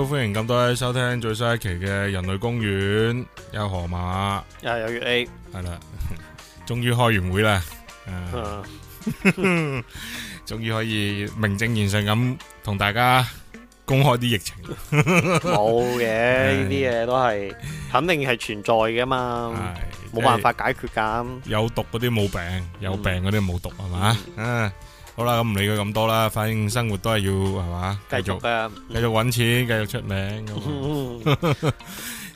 歡迎咁多位收聽最新一期嘅《人類公園》，有河馬，又有月 A，係啦，終於開完會啦，終於可以名正言順咁同大家公開啲疫情。冇嘅呢啲嘢都係肯定係存在噶嘛，冇辦法解決噶。有毒嗰啲冇病，有病嗰啲冇毒係嘛。好啦，咁唔理佢咁多啦，反正生活都係要係嘛，繼續嘅，繼續搵錢，繼續出名。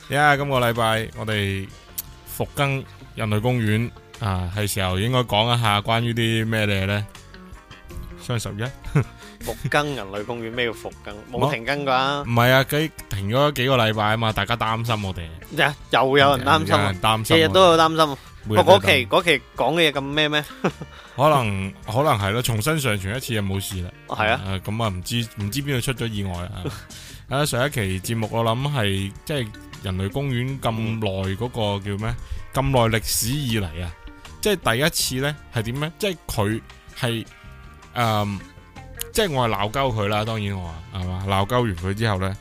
呀，今個禮拜我哋復更人類公園啊，係時候應該講一下關於啲咩嘢咧？雙十一？復更人類公園咩叫復更？冇停更噶，唔係啊，佢停咗幾個禮拜啊嘛，大家擔心我哋。呀，又有人擔心，日日都有擔心。我嗰期嗰期講嘅嘢咁咩咩？可能可能係咯，重新上傳一次就冇事啦。係啊，咁啊唔、嗯嗯嗯、知唔知邊度出咗意外啊！啊、嗯、上一期節目我諗係即係人類公園咁耐嗰個叫咩？咁耐歷史以嚟啊，即係第一次呢，係點呢？即係佢係誒，即係我係鬧交佢啦。當然我話係嘛鬧交完佢之後呢，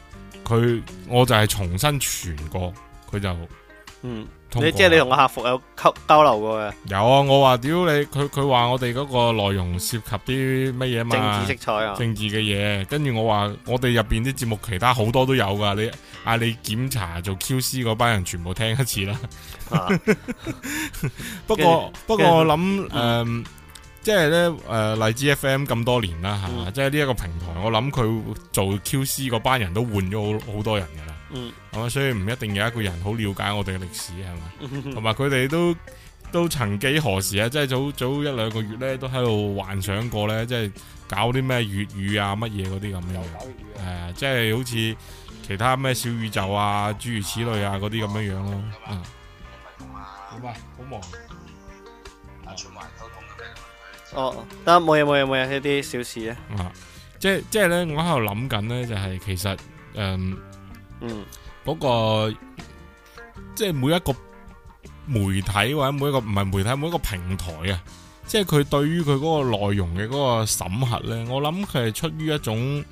佢我就係重新傳過，佢就嗯。你即係、就是、你同個客服有溝交流過嘅？有啊，我話屌你，佢佢話我哋嗰個內容涉及啲乜嘢嘛？政治色彩啊！政治嘅嘢，跟住我話我哋入邊啲節目其他好多都有噶。你啊，你檢查做 QC 嗰班人全部聽一次啦，啊。 不過不過我諗誒，即係咧誒，荔枝 FM 咁多年啦吓，即係呢一個平台，我諗佢做 QC 嗰班人都換咗好好多人噶啦。嗯，係嘛，所以唔一定有一個人好了解我哋嘅歷史，係咪？同埋佢哋都都曾幾何時啊，即係早早一兩個月咧，都喺度幻想過咧，即係搞啲咩粵語啊，乜嘢嗰啲咁樣，誒，即係好似其他咩小宇宙啊，諸如此類啊，嗰啲咁樣樣咯。好啊，好忙。哦，得，冇嘢，冇嘢，冇嘢，一啲小事啊。啊，即係即係咧，我喺度諗緊咧，就係其實誒。嗯嗯，嗰、那個即係、就是、每一個媒體或者每一個唔係媒體，每一個平台啊，即係佢對於佢個內容嘅個審核咧，我諗佢係出於一種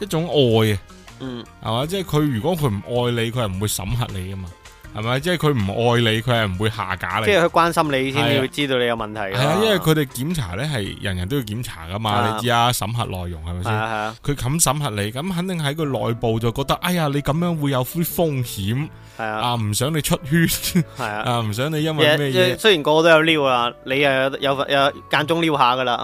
一種愛啊，嗯，係嘛，即係佢如果佢唔愛你，佢係唔會審核你噶嘛。係咪？即係佢唔愛你，佢係唔會下架你。即係佢關心你先，會知道你有問題。係啊,啊,啊，因為佢哋檢查咧，係人人都要檢查噶嘛、啊。你知啊？審核內容係咪先？啊啊。佢肯審核你，咁肯定喺佢內部就覺得，哎呀，你咁樣會有啲風險，係啊，唔、啊、想你出圈，係啊，唔、啊、想你因為咩、啊、雖然個個都有撩啊，你又有有間中撩下噶啦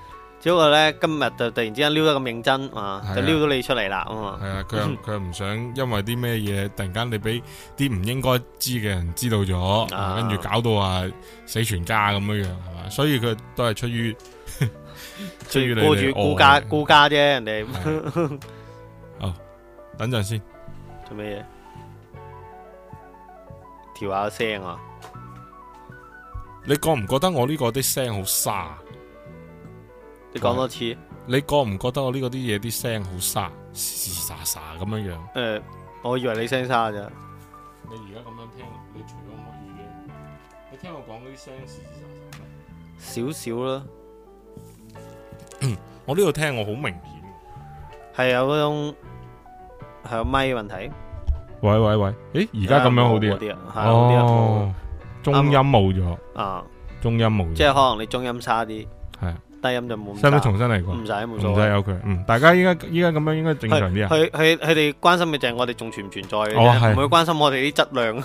吓。因為咧，今日就突然之間撩得咁認真啊，就撩到你出嚟啦。係啊，佢、嗯啊、又佢又唔想因為啲咩嘢，突然間你俾啲唔應該知嘅人知道咗，跟、啊、住搞到話、啊、死全家咁樣樣，係嘛？所以佢都係出於 出於顧住顧家顧家啫，人哋。哦、啊， 等陣先，做咩嘢？調下聲啊！你覺唔覺得我呢個啲聲好沙？你講多次，你覺唔覺得我呢個啲嘢、啲聲好沙，沙沙咁樣樣？誒，我以為你聲沙嘅啫。你而家咁樣聽，你除咗我耳機，你聽我講嗰啲聲，沙沙少少啦。我呢度聽我好明顯，係有嗰種係個麥問題。喂喂喂，誒，而家咁樣好啲啊？好啲啊！哦，中音冇咗啊！中音冇，即係可能你中音差啲。.使唔使重新嚟過？唔使冇錯，唔使有佢。嗯，大家依家依家咁樣應該正常啲啊。佢佢佢哋關心嘅就係我哋仲存唔存在嘅，唔會關心我哋啲質量。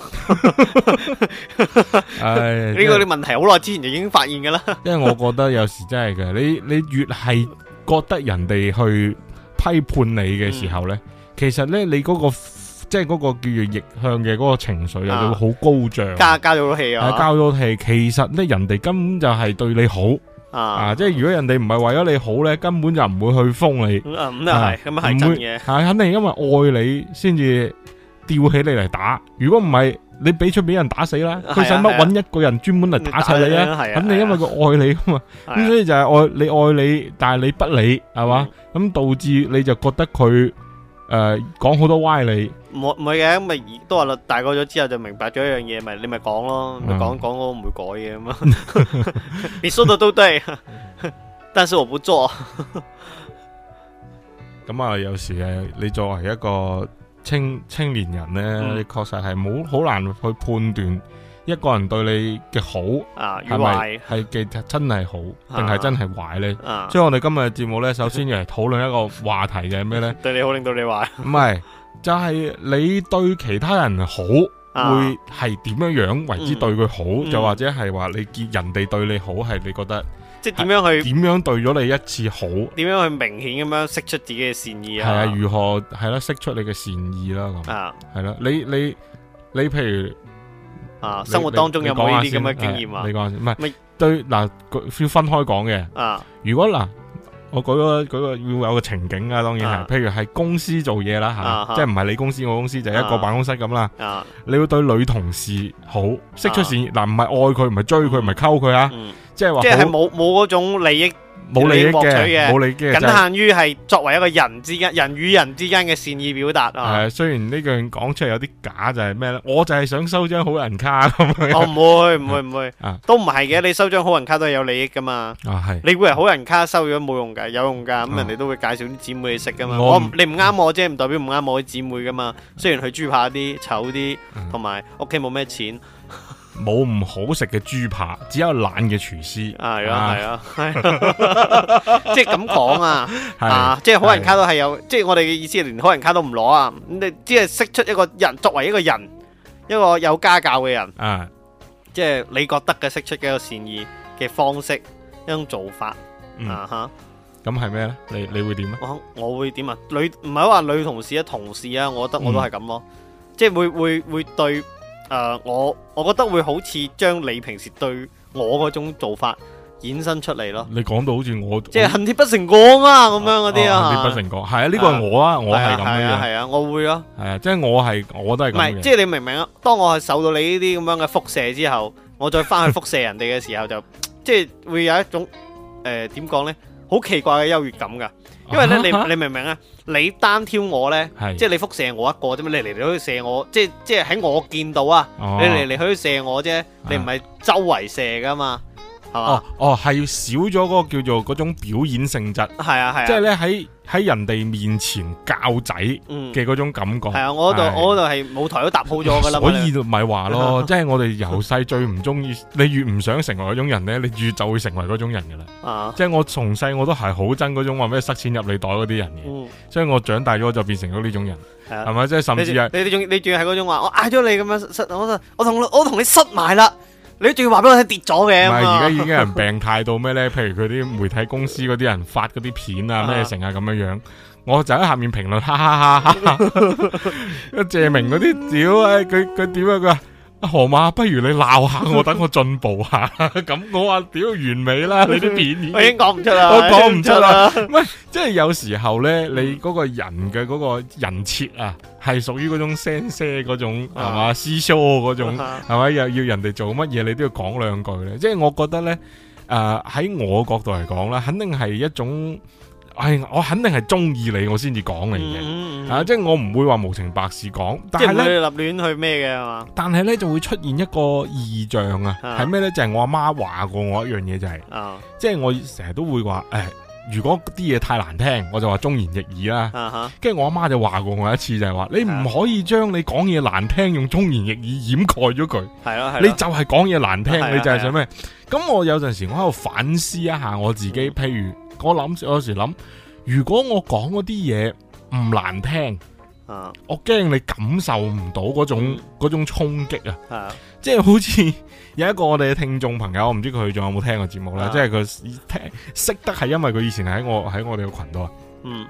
誒，呢個啲問題好耐之前就已經發現㗎啦。因為我覺得有時真係嘅，你你越係覺得人哋去批判你嘅時候咧，其實咧你嗰個即係嗰個叫做逆向嘅嗰個情緒啊，就會好高漲。加加咗氣啊！加咗氣，其實咧人哋根本就係對你好。啊！啊嗯、即係如果人哋唔係為咗你好咧，根本就唔會去封你。係、嗯，咁係係肯定因為愛你先至吊起你嚟打。如果唔係，你俾出俾人打死啦。佢使乜揾一個人專門嚟打死你呢？啊，啊？肯定因為佢愛你啊嘛。咁、啊、所以就係愛、啊、你愛你，但係你不理係嘛？咁、嗯、導致你就覺得佢誒講好多歪理。唔唔係嘅，咁咪都話啦。大個咗之後就明白咗一樣嘢，咪你咪講咯，講講我都唔會改嘅咁咯。你講到都對，但是我不做。咁啊，有時誒，你作為一個青青年人咧，你確實係冇好難去判斷一個人對你嘅好啊，與壞係嘅真係好，定係真係壞咧？啊，即係我哋今日嘅節目咧，首先要嚟討論一個話題嘅咩咧？對你好，令到你壞，唔係。就係、是、你對其他人好，啊、會係點樣樣為之對佢好？又、嗯、或者係話你見人哋對你好，係你覺得即係點樣去？點樣對咗你一次好？點樣去明顯咁樣釋出自己嘅善意啊？係啊，如何係啦？釋、啊、出你嘅善意啦咁啊，係、啊、啦、啊。你你你，你譬如啊，生活當中有冇呢啲咁嘅經驗啊？你講唔係對嗱、啊，要分開講嘅啊。如果嗱。我舉個舉個要有個情景啊，當然係、啊，譬如係公司做嘢啦吓，即係唔係你公司、啊、我公司就係、一個辦公室咁啦、啊，你要對女同事好，識出善意，嗱唔係愛佢，唔係追佢，唔係溝佢啊，嗯啊嗯、即係話即係冇冇嗰種利益。冇利益嘅，冇利益嘅，僅限於係作為一個人之間，就是，人與人之間嘅善意表達啊。係、嗯，雖然呢句講出嚟有啲假，就係咩咧？我就係想收張好人卡咁。 哦，唔會，唔會，唔會，嗯、都唔係嘅。你收張好人卡都係有利益噶嘛？啊、係、你估係好人卡收咗冇用㗎，有用噶。咁、嗯、人哋都會介紹啲姊妹去識噶嘛？我，我你唔啱我啫，唔代表唔啱我啲姊妹噶嘛。雖然佢豬扒啲醜啲，同埋屋企冇咩錢。嗯冇唔好食嘅豬扒，只有懶嘅廚師。係啊，係啊，即係咁講啊，啊，即係、啊啊 啊啊就是、好人卡都係有，即係、就是、我哋嘅意思係連好人卡都唔攞啊。你只係識出一個人，作為一個人，一個有家教嘅人，啊，即、就、係、是、你覺得嘅識出嘅一個善意嘅方式，一種做法、嗯、啊哈。咁係咩呢？你你會點呢？我我會點啊？女唔係話女同事啊，同事啊，我覺得我都係咁咯，即係會會會對。誒、呃，我我覺得會好似將你平時對我嗰種做法衍生出嚟咯，你說。你講到好似我即係恨鐵不成鋼啊，咁樣嗰啲啊，恨、啊、鐵不成鋼，係啊，呢、啊這個係我啊，是啊我係咁樣嘅，係啊，啊，啊，啊，我會咯，係啊，即、就、係、是、我係我都係咁係，即係你明唔明啊？當我係受到你呢啲咁樣嘅輻射之後，我再翻去輻射人哋嘅時候就，就 即係會有一種誒點講咧，好、呃、奇怪嘅優越感噶。因為咧、啊，你你，你明唔明啊？你單挑我咧，即係你輻射我一個啫嘛，你嚟嚟去去射我，即係即係喺我見到啊，哦、你嚟嚟去去射我啫，你唔係周圍射㗎嘛。哦哦，係、哦、少咗嗰個叫做嗰種表演性質，係啊係啊，即係咧喺喺人哋面前教仔嘅嗰種感覺。係、嗯、啊，我度、啊、我度係舞台都搭好咗噶啦，所以咪話咯，即 係我哋由細最唔中意，你越唔想成為嗰種人咧，你越就會成為嗰種人噶啦。即、啊、係、就是、我從細我都係好憎嗰種話咩塞錢入你袋嗰啲人嘅、嗯，所以我長大咗就變成咗呢種人，係咪、啊？即係、就是、甚至係你仲你仲係嗰種話我嗌咗你咁樣塞我，我同我同我同你塞埋啦。你仲要話俾我聽跌咗嘅，唔係而家已經有人病態到咩咧？ 譬如佢啲媒體公司嗰啲人發嗰啲片啊咩成啊咁樣樣，我就喺下面評論哈哈哈，哈， 哈、哎，謝明嗰啲屌啊，佢佢點啊佢。河馬不如你鬧下我，等我進步下。咁 我話屌完美啦，你啲貶義我已經講唔出啦，我講唔出啦。唔係，即係有時候咧，你嗰個人嘅嗰個人設啊，係屬於嗰種聲聲嗰種係嘛 social 嗰種係咪 又要人哋做乜嘢，你都要講兩句咧。即係我覺得咧，誒、呃、喺我角度嚟講咧，肯定係一種。係、哎，我肯定係中意你，你，我先至講嘅啊，即係我唔會話無情白事講。但係佢立亂去咩嘅嘛？但係咧就會出現一個異象啊，係咩咧？就係、是、我阿媽話過我一樣嘢就係、是啊，即係我成日都會話，誒、哎，如果啲嘢太難聽，我就話忠言逆耳啦。跟、啊、住、啊、我阿媽就話過我一次、就是，就係話你唔可以將你講嘢難聽用忠言逆耳掩蓋咗佢。係係你就係講嘢難聽，啊啊、你就係、啊啊、想咩？咁、啊啊、我有陣時我喺度反思一下我自己，嗯、譬如。我諗，我有時諗，如果我講嗰啲嘢唔難聽，啊，我驚你感受唔到嗰種嗰、嗯、種衝擊啊，即係好似有一個我哋嘅聽眾朋友，我唔知佢仲有冇聽個節目啦、啊，即係佢聽識得係因為佢以前喺我喺我哋嘅群度啊，嗯，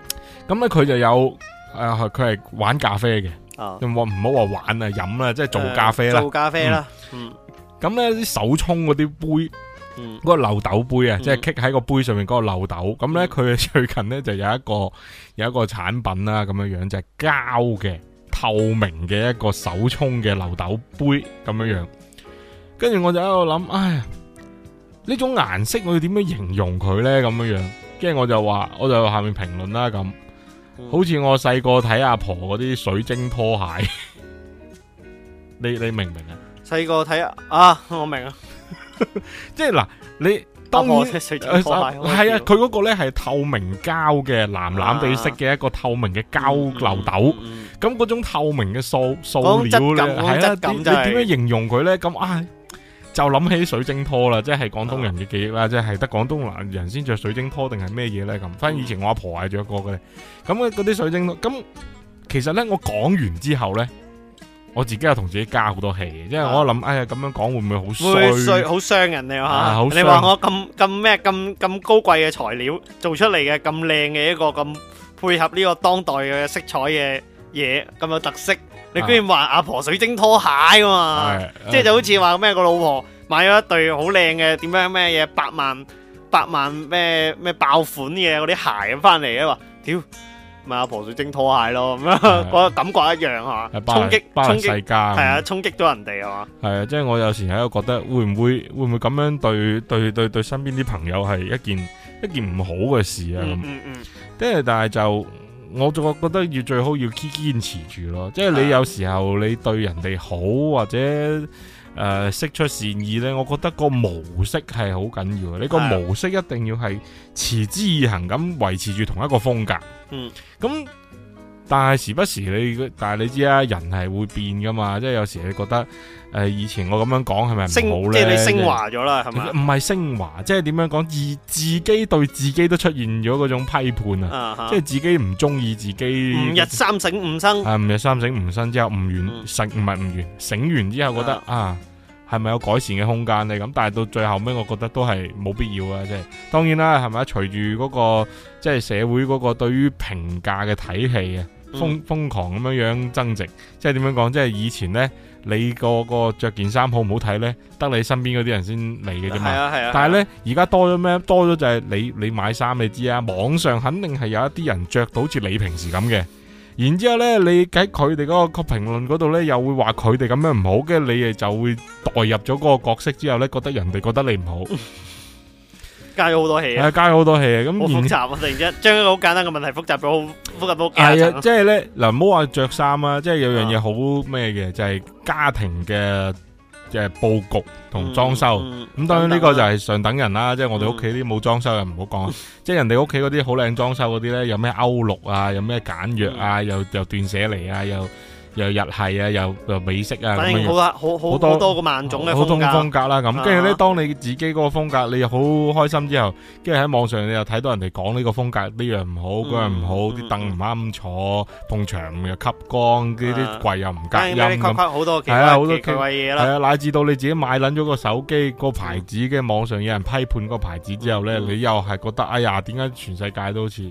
咁咧佢就有啊，佢、呃、係玩咖啡嘅，啊，唔好唔好話玩啊，飲啦，即係做咖啡啦、呃，做咖啡啦，嗯，咁咧啲手沖嗰啲杯。嗰、嗯嗰個漏斗杯啊、嗯，即係傾喺個杯上面嗰個漏斗。咁、嗯、呢，佢最近呢，就有一個有一個產品啦，咁樣樣就係膠嘅透明嘅一個手沖嘅漏斗杯咁樣樣。跟住我就喺度諗，唉，呢種顏色我要點樣形容佢呢？」咁樣樣，跟住我就話，我就在下面評論啦。咁、嗯，好似我細個睇阿婆嗰啲水晶拖鞋、嗯， 你你明唔明啊？細個睇啊，我明啊。即係嗱，你當然係啊，佢嗰、啊、個咧係透明膠嘅藍藍地色嘅一個透明嘅膠漏斗，咁、啊、嗰、嗯嗯、種透明嘅塑塑料咧，係啊，就是、你點樣形容佢咧？咁啊，就諗起水晶拖啦，即係廣東人嘅記憶啦、啊，即係得廣東人先着水晶拖定係咩嘢咧？咁，反正以前我阿婆係着過嘅，咁嗰啲水晶拖，咁其實咧，我講完之後咧。我自己又同自己加好多戲，因為我諗，哎呀咁樣講會唔會好衰？好衰，好傷人你啊！你話我咁咁咩咁咁高貴嘅材料做出嚟嘅咁靚嘅一個咁配合呢個當代嘅色彩嘅嘢咁有特色，你居然話阿婆水晶拖鞋㗎嘛？即係就好似話咩個老婆買咗一對好靚嘅點樣咩嘢八萬八萬咩咩爆款嘅嗰啲鞋咁翻嚟啊嘛？屌！咪阿婆水晶拖鞋咯，咁樣個感覺一樣啊，衝擊衝擊世界，係啊，衝擊咗人哋啊嘛，係啊，即係、就是、我有時喺度覺得會唔會會唔會咁樣對對對對身邊啲朋友係一件一件唔好嘅事啊，即、嗯、係、嗯嗯、但係就我就覺得要最好要堅持住咯，即、就、係、是、你有時候你對人哋好或者。誒、呃、釋出善意咧，我覺得個模式係好緊要。你個模式一定要係持之以恒咁維持住同一個風格。嗯，咁。但係時不時你，但係你知啊，人係會變噶嘛，即係有時你覺得，誒、呃，以前我咁樣講係咪唔好咧？即係你升華咗啦，係咪？唔係升華，即係點樣講？自自己對自己都出現咗嗰種批判啊，uh -huh. 即係自己唔中意自己。五日三省吾身、啊，五日三省吾身之後唔完食唔係唔完醒完之後覺得、uh -huh. 啊，係咪有改善嘅空間呢？咁但係到最後尾，我覺得都係冇必要啊！即係當然啦，係咪？隨住嗰個即係社會嗰個對於評價嘅體系啊。瘋瘋狂咁樣樣增值，即係點樣講？即係以前呢，你個個着件衫好唔好睇呢？得你身邊嗰啲人先嚟嘅啫嘛。但係呢，而家、啊、多咗咩？多咗就係你你買衫你知啊，網上肯定係有一啲人着到好似你平時咁嘅。然之後呢，你喺佢哋嗰個評論嗰度呢，又會話佢哋咁樣唔好，跟住你哋就會代入咗個角色之後呢，覺得人哋覺得你唔好。嗯加咗好多戲啊！加咗好多戲啊！咁複雜啊，突然之間將一個好簡單嘅問題複雜到複雜到加一層。即係咧嗱，唔好話着衫啊，即係有樣嘢好咩嘅，就係家庭嘅嘅布局同裝修。咁當然呢個就係上等人啦，即係我哋屋企啲冇裝修又唔好講。即係人哋屋企嗰啲好靚裝修嗰啲咧，有咩歐陸啊，有咩簡約啊，又又斷捨離啊，又。又日系啊，又又美式啊，好啦，好好好多個萬種呢風格好好多風格啦，啊，咁跟住咧，啊、當你自己個個風格你又好開心之後，跟住喺網上你又睇到人哋講呢個風格呢樣唔好，嗰、嗯、樣唔好，啲凳唔啱坐，碰牆又吸光，啲、嗯、啲櫃又唔隔音，係啊，你好多奇怪嘢啦，係啊，啊，啊，乃至到你自己買撚咗個手機、個牌子嘅、嗯、網上有人批判個牌子之後咧、嗯，你又係覺得哎呀，點解全世界都好似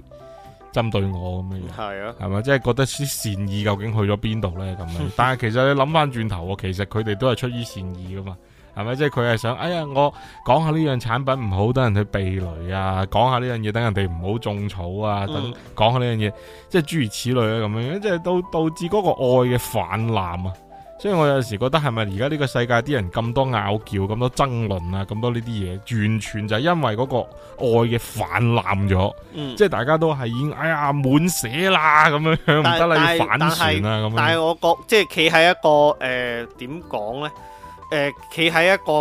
針對我咁樣，係啊，係咪即係覺得啲善意究竟去咗邊度咧？咁樣，但係其實你諗翻轉頭 其實佢哋都係出於善意噶嘛，係咪？即係佢係想，哎呀，我講下呢樣產品唔好，等人哋避雷啊；講下呢樣嘢，等人哋唔好種草啊；等、嗯、講下呢樣嘢，即係諸如此類啊，咁樣，即係到導致嗰個愛嘅泛濫啊。所以我有陣時覺得係咪而家呢個世界啲人咁多拗撬、咁多爭論啊、咁多呢啲嘢，完全就係因為嗰個愛嘅氾濫咗、嗯，即係大家都係已經哎呀滿寫啦咁樣樣，唔得啦要反轉啦咁樣。但係、啊、我覺即係企喺一個誒點講咧？誒企喺一個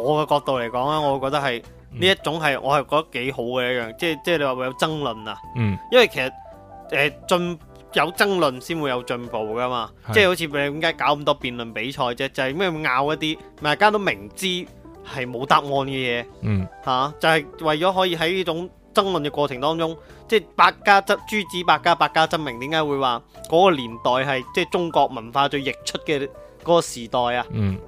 我嘅角度嚟講啦，我覺得係呢一種係、嗯、我係覺得幾好嘅一樣，即係即係你話會有爭論啊，嗯、因為其實誒、呃、進。有爭論先會有進步㗎嘛，是即係好似你點解搞咁多辯論比賽啫？就係咩會拗一啲，大家都明知係冇答案嘅嘢，嚇、嗯啊、就係、是、為咗可以喺呢種爭論嘅過程當中，即係百家爭，諸子百家，百家爭鳴。點解會話嗰個年代係即係中國文化最逆出嘅嗰個時代啊？嗯、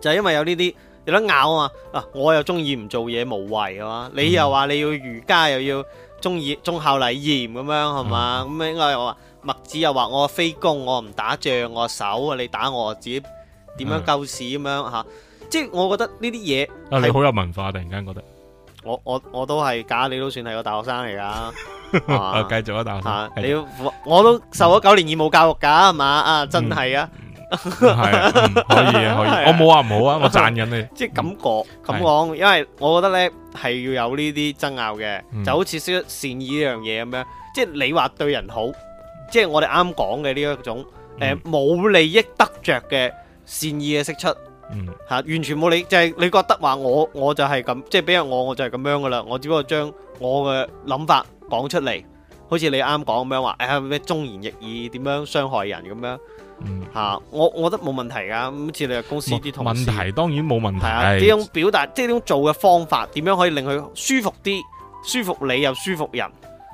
就係、是、因為有呢啲有得拗啊嘛！啊，我又鍾意唔做嘢無謂啊嘛，你又話你要儒家又要鍾意忠孝禮儀咁樣係嘛？咁、嗯、應該我又。墨子又話我非攻，我唔打仗，我守，啊，啊！你打我，自己點樣救市咁樣吓？即係我覺得呢啲嘢係你好有文化突然間覺得，我我我都係假，你都算係個大學生嚟噶。 啊，繼續啊，大學生，啊、你我都受咗九年義務教育噶，係、嗯、嘛啊？真係啊、嗯嗯， 可以啊，可以。我冇話唔好啊，我讚緊你。即係、就是、感覺咁講、嗯，因為我覺得咧係要有呢啲爭拗嘅、嗯，就好似識善意呢樣嘢咁樣。即係你話對人好。即係我哋啱講嘅呢一種誒冇、嗯呃、利益得着嘅善意嘅釋出，嚇、嗯啊、完全冇理，即、就、係、是、你覺得話我我就係咁，即係比如我我就係咁樣噶啦，我只不過將我嘅諗法講出嚟，好似你啱講咁樣話，誒、哎、咩忠言逆耳，點樣傷害人咁樣嚇、嗯啊，我我覺得冇問題噶，好似你嘅公司啲同事問題當然冇問題，係啊，呢種表達即係呢種做嘅方法，點樣可以令佢舒服啲，舒服你又舒服人。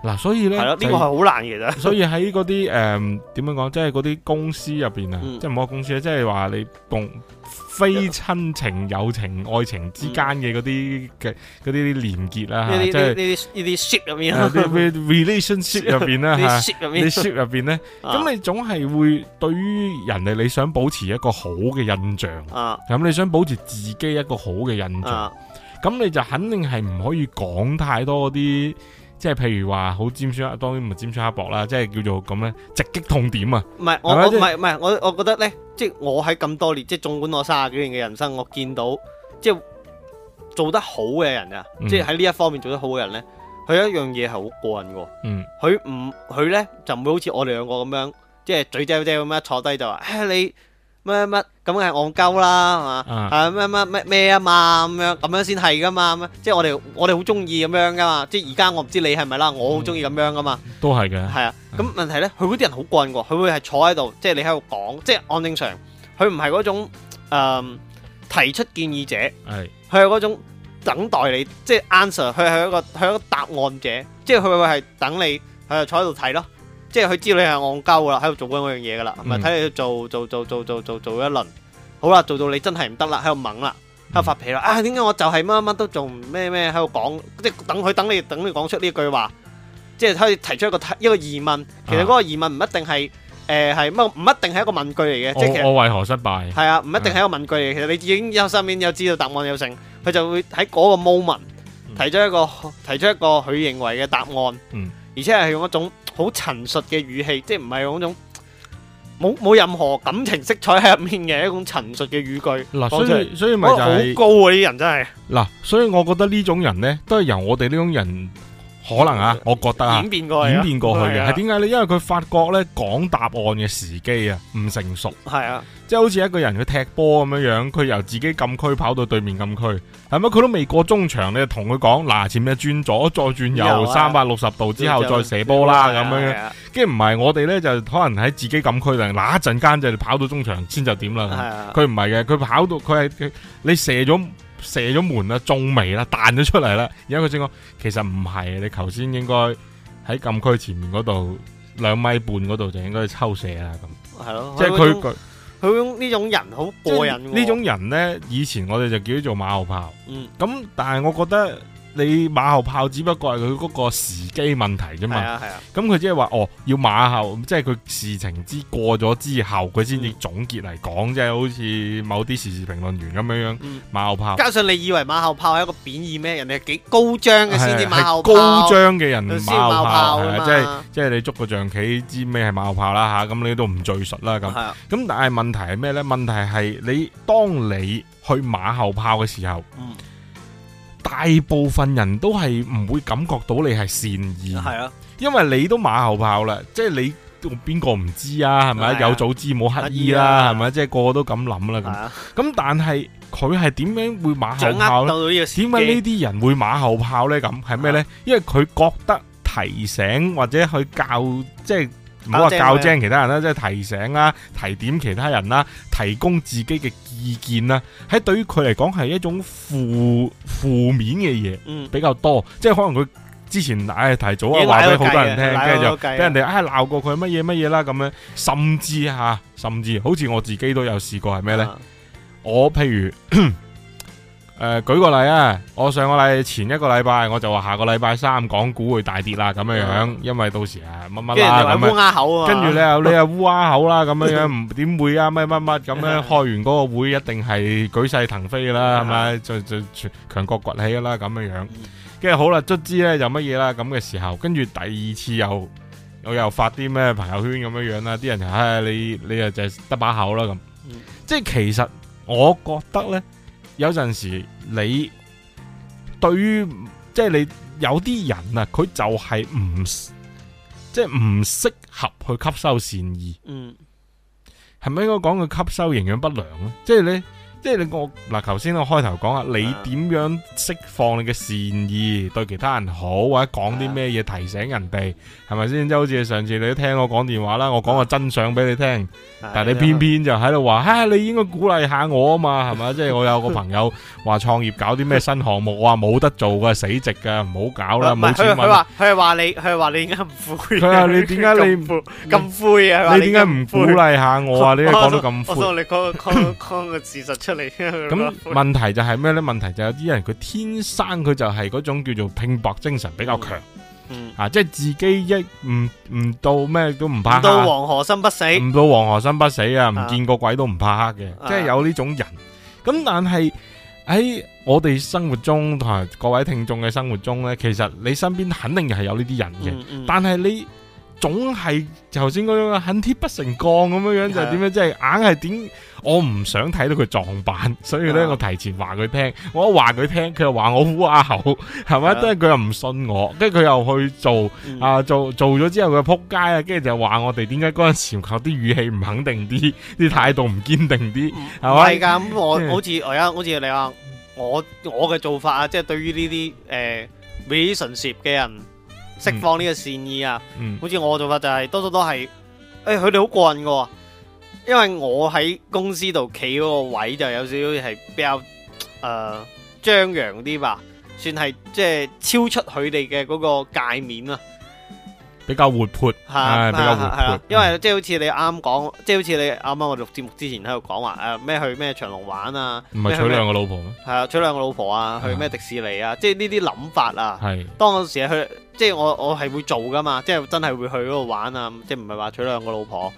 嗱、啊，所以咧，係咯，呢、就是呢個係好難嘅，其實。所以喺嗰啲誒，點、嗯、樣講、就是嗯，即係嗰啲公司入邊啊，即係唔好公司咧，即係話你共非親情、嗯、友情、愛情之間嘅嗰啲嘅嗰啲連結啦，即係呢啲呢啲 ship 入邊啊，呢啲 relationship 入邊咧，咁你總係會對於人哋你想保持一個好嘅印象，咁、啊、你想保持自己一個好嘅印象，咁、啊、你就肯定係唔可以講太多啲。即係譬如話好尖酸，當然唔係尖酸刻薄啦！即係叫做咁咧，直擊痛點啊！唔係我唔係唔係我我覺得咧，即係我喺咁多年，即係縱觀我三十幾年嘅人生，我見到即係做得好嘅人啊、嗯！即係喺呢一方面做得好嘅人咧，佢一樣嘢係好過癮嘅。嗯，佢唔佢咧就唔會好似我哋兩個咁樣，即係嘴啫啫咁樣坐低就話啊你。咩乜咁嘅戇鳩啦，係嘛？係咩咩咩咩啊嘛？咁、啊、樣咁樣先係噶嘛？即係我哋我哋好中意咁樣噶嘛？即係而家我唔知你係咪啦，我好中意咁樣噶嘛？嗯、都係嘅。係啊，咁、嗯、問題咧，佢會啲人好慣喎，佢會係坐喺度，即係你喺度講，即係按正常，佢唔係嗰種、呃、提出建議者，係，佢係嗰種等待你即係 answer，佢係一個佢一個答案者，即係佢會係等你佢係坐喺度睇咯。即係佢知道你係戇鳩啦，喺度做緊嗰樣嘢噶啦，係咪，睇你做做做做做做做一輪，好啦，做到你真係唔得啦，喺度掹啦，喺度發脾啦，啊點解我就係乜乜都做咩咩喺度講？即係等佢等你等你講出呢句話，即係可以提出一個一個疑問。其實嗰個疑問唔一定係誒係乜，唔一定係一個問句嚟嘅。即係其實我我為何失敗？係啊，唔一定係一個問句嚟。其實你已經有上面有知道答案有成，佢就會喺嗰個 moment 提出一個提出一個佢認為嘅答案，而且係用一種。好陳述嘅語氣，即係唔係嗰種冇冇任何感情色彩喺入面嘅一種陳述嘅語句。嗱，所以所以咪就好高啊，呢啲人真係。嗱，所以我覺得呢種人呢，都係由我哋呢種人。可能啊，我覺得啊，演變過去，演變過去嘅，啊。係點解呢？因為佢發覺呢講答案嘅時機啊，唔成熟。係啊，即係好似一個人佢踢波咁樣樣，佢由自己禁區跑到對面禁區，係咪佢都未過中場？你同佢講嗱，前面轉左再轉右三百六十度之後再射波啦咁樣。跟住唔係我哋呢，就可能喺自己禁區嗱，一陣間就跑到中場先就點啦。佢唔係嘅，佢跑到佢係你射咗。射咗門啦，中未中楣啦，彈咗出嚟啦，而家佢正講，其實唔係，你頭先應該喺禁區前面嗰度兩米半嗰度就應該抽射啦，咁係咯，即係佢佢呢種人好過癮，呢種人咧以前我哋就叫做馬後炮，咁、嗯、但係我覺得。你馬後炮只不過係佢嗰個時機問題啫嘛，係啊係啊，咁佢即係話哦，要馬後，即係佢事情之過咗之後，佢先至總結嚟講，即、嗯、係、就是、好似某啲時事評論員咁樣樣、嗯，馬後炮。加上你以為馬後炮係一個貶義咩？人哋係幾高張嘅先至馬後炮。高張嘅人馬後炮，即係即係你捉個象棋知咩係馬後炮啦吓，咁、啊、你都唔敘述啦咁。咁、啊、但係問題係咩咧？問題係你當你去馬後炮嘅時候。嗯大部分人都係唔會感覺到你係善意，係啊，因為你都馬後炮啦，即係你邊個唔知啊？係咪、啊、有早知冇乞兒啦、啊？係咪即係個個都咁諗啦？咁咁、啊，但係佢係點樣會馬後炮呢？點解呢啲人會馬後炮呢？咁係咩呢、啊？因為佢覺得提醒或者去教即係。就是唔好話教精其他人啦，即係提醒啦、啊、提點其他人啦、啊、提供自己嘅意見啦、啊，喺對於佢嚟講係一種負負面嘅嘢，比較多，即係可能佢之前唉、啊、提早啊話俾好多人聽，跟住就俾人哋唉鬧過佢乜嘢乜嘢啦咁樣，甚至吓、啊，甚至好似我自己都有試過係咩呢？啊、我譬如。誒、呃，舉個例啊，我上個禮前一個禮拜，我就話下個禮拜三港股會大跌啦，咁樣樣，因為到時啊乜乜啦，咁、啊啊嗯，跟住你又你又烏鴉口啦、啊，咁樣樣，唔、嗯、點會啊乜乜乜咁樣開、嗯嗯、完嗰個會一定係舉世騰飛㗎啦，係、嗯、咪、嗯？就就強國崛起㗎啦，咁樣、嗯、樣，跟住好啦，卒之咧就乜嘢啦？咁嘅時候，跟住第二次又我又發啲咩朋友圈咁樣樣啦，啲人就唉、哎，你你又就係得把口啦咁、嗯，即係其實我覺得咧。有陣時你對於即係你有啲人啊，佢就係唔即係唔適合去吸收善意。嗯，係咪應該講佢吸收營養不良咧？即係你。即係你我嗱，頭先我開頭講下，你點樣釋放你嘅善意，對其他人好或者講啲咩嘢提醒人哋，係咪先？即係好似上次你都聽我講電話啦，我講個真相俾你聽，但係你偏偏就喺度話，吓，你應該鼓勵下我啊嘛，係咪？即係我有個朋友話創業搞啲咩新項目，我話冇得做嘅，死直嘅，唔好搞啦，冇錢問。佢話佢係話你，佢係話你點解唔灰？佢話你點解你咁灰啊？你點解唔鼓勵下我啊？你講得咁灰。我想你講個講個事實出。咁 問題就係咩咧？問題就係有啲人佢天生佢就係嗰種叫做拼搏精神比較強，嗯嗯，啊，即係自己一唔唔到咩都唔怕，唔到黃河心不死，唔到黃河心不死啊，唔見個鬼都唔怕黑嘅，啊，即係有呢種人。咁，啊，但係喺我哋生活中同埋各位聽眾嘅生活中咧，其實你身邊肯定係有呢啲人嘅，嗯嗯，但係你。總係頭先嗰種恨鐵不成鋼咁樣、就是、樣，就點、啊、樣？即係硬係點？我唔想睇到佢撞板，所以咧，我提前話佢聽。啊、一我話佢聽，佢、啊、又話我烏鴉口，係咪？即係佢又唔信我，跟住佢又去做、嗯、啊！做做咗之後他，佢扑街啊！跟住就話我哋點解嗰陣時靠啲語氣唔肯定啲，啲態度唔堅定啲，係、嗯、咪？係噶，咁、嗯、我好似我好似你話我我嘅做法啊，即、就、係、是、對於呢啲誒 r e a s o n s h p 嘅人。釋放呢個善意啊、嗯，好似我嘅做法就係、是、多數都係誒，佢、哎、哋好過癮嘅喎，因為我喺公司度企嗰個位就有少少係比較誒、呃、張揚啲吧，算係即係超出佢哋嘅嗰個界面啊。比較活潑，係、啊啊、比較活潑、啊啊，因為即係好似你啱啱講，即、就、係、是、好似你啱啱我錄節目之前喺度講話，誒、啊、咩去咩長隆玩啊？唔係娶兩個老婆咩？係啊，娶兩個老婆啊，去咩迪士尼啊？啊即係呢啲諗法啊，係、啊、當時係去，即係我我係會做噶嘛，即係真係會去嗰度玩啊，即係唔係話娶兩個老婆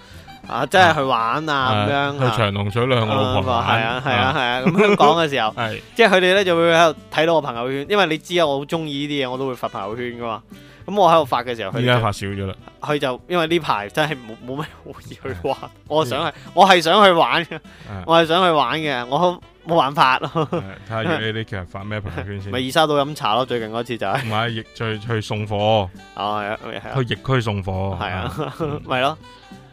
啊，即係去玩啊咁樣。去長隆娶兩個老婆，係啊係啊係啊，咁樣講嘅時候， 啊、即係佢哋咧就會喺度睇到我朋友圈，因為你知啊，我好中意呢啲嘢，我都會發朋友圈噶嘛。咁、嗯、我喺度發嘅時候，佢依家發少咗啦。佢就因為呢排真係冇冇咩好嘢去玩。我想去，我係想去玩嘅，我係想去玩嘅。我冇辦法咯。睇下月呢啲其實發咩朋友圈先？咪二沙島飲茶咯，最近嗰次就係、是。咪疫最去送貨。哦，係啊。去疫區送貨。係啊，咪咯。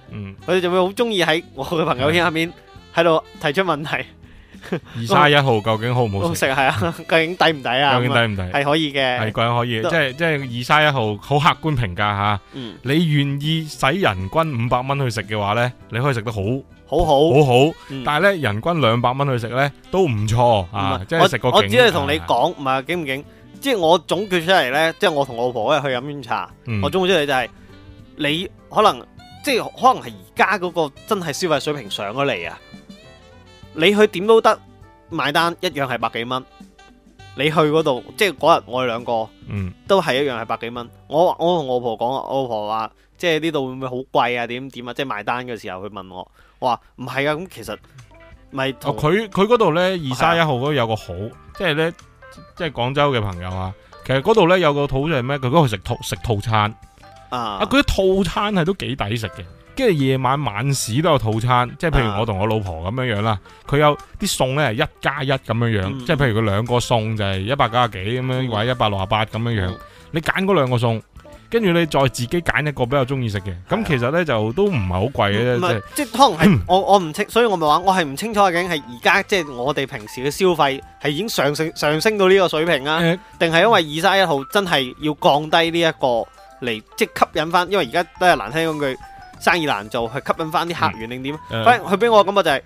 嗯，佢哋仲會好中意喺我嘅朋友圈下面喺度提出問題。 二沙一號究竟好唔好食？係 啊， 究竟抵唔抵啊？究竟抵唔抵？係可以嘅，係，究竟可以？即係即係二沙一號，好客觀評價吓。你願意使人均五百蚊去食嘅話咧，你可以食得好，好好，好好。嗯、但係咧，人均兩百蚊去食咧都唔錯、嗯、啊！即係食個我，我只係同你講，唔係景唔景？即、就、係、是、我總結出嚟咧，即、就、係、是、我同我老婆去飲飲茶、嗯，我總結出嚟就係、是、你可能即係、就是、可能係而家嗰個真係消費水平上咗嚟啊！你去點都得買單一樣係百幾蚊。你去嗰度即係嗰日我哋兩個、嗯、都係一樣係百幾蚊。我我同我婆講，我，我婆話即係呢度會唔會好貴啊？點點啊！即係埋單嘅時候佢問我，我話唔係啊。咁其實咪佢佢嗰度呢，二三一號嗰度有個好，啊、即係呢，即係廣州嘅朋友啊。其實嗰度呢，有個好就係咩？佢嗰度食套食套餐啊，佢啲套餐係都幾抵食嘅。跟住夜晚晚市都有套餐，即係譬如我同我老婆咁樣樣啦。佢有啲餸咧，一加一咁樣樣，即、啊、係、嗯、譬如佢兩個餸就係一百九廿幾咁樣，或者一百六十八咁樣樣。嗯、你揀嗰兩個餸，跟住你再自己揀一個比較中意食嘅，咁、嗯、其實咧就都唔係好貴嘅啫。即係可能係我我唔清，所以我咪話我係唔清楚究竟係而家即係我哋平時嘅消費係已經上升上升到呢個水平啊？定、欸、係因為二三一號真係要降低呢、這、一個嚟，即係吸引翻，因為而家都係難聽嗰句。生意難做，去吸引翻啲客源定點、嗯嗯？反正佢俾我感覺就係、是，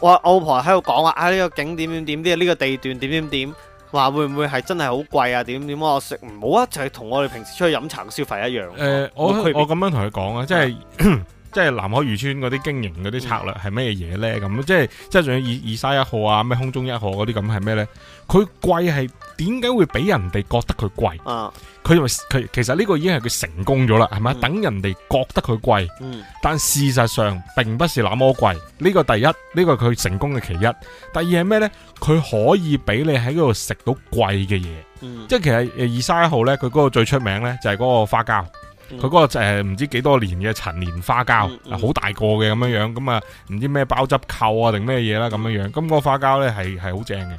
我我老婆喺度講話啊，呢、這個景點點點啲，呢、這個地段點點點，話會唔會係真係好貴啊？點點點，我食唔好啊，就係、是、同我哋平時出去飲茶嘅消費一樣。誒、嗯嗯，我我咁樣同佢講啊，即、就、係、是。 即係南海漁村嗰啲經營嗰啲策略係咩嘢咧？咁、嗯、即係即係仲有二二三一號啊，咩空中一號嗰啲咁係咩咧？佢貴係點解會俾人哋覺得佢貴？啊，佢因為佢其實呢個已經係佢成功咗啦，係咪？嗯、等人哋覺得佢貴，嗯、但事實上並不是那麼貴。呢、這個第一，呢、這個佢成功嘅其一。第二係咩咧？佢可以俾你喺嗰度食到貴嘅嘢。嗯、即係其實二三一號咧，佢嗰個最出名咧就係嗰個花膠。佢嗰個就係唔知幾多年嘅陳年花膠，好、嗯嗯、大個嘅咁樣樣，咁啊唔知咩包汁扣啊定咩嘢啦咁樣樣，咁、嗰個花膠咧係係好正嘅。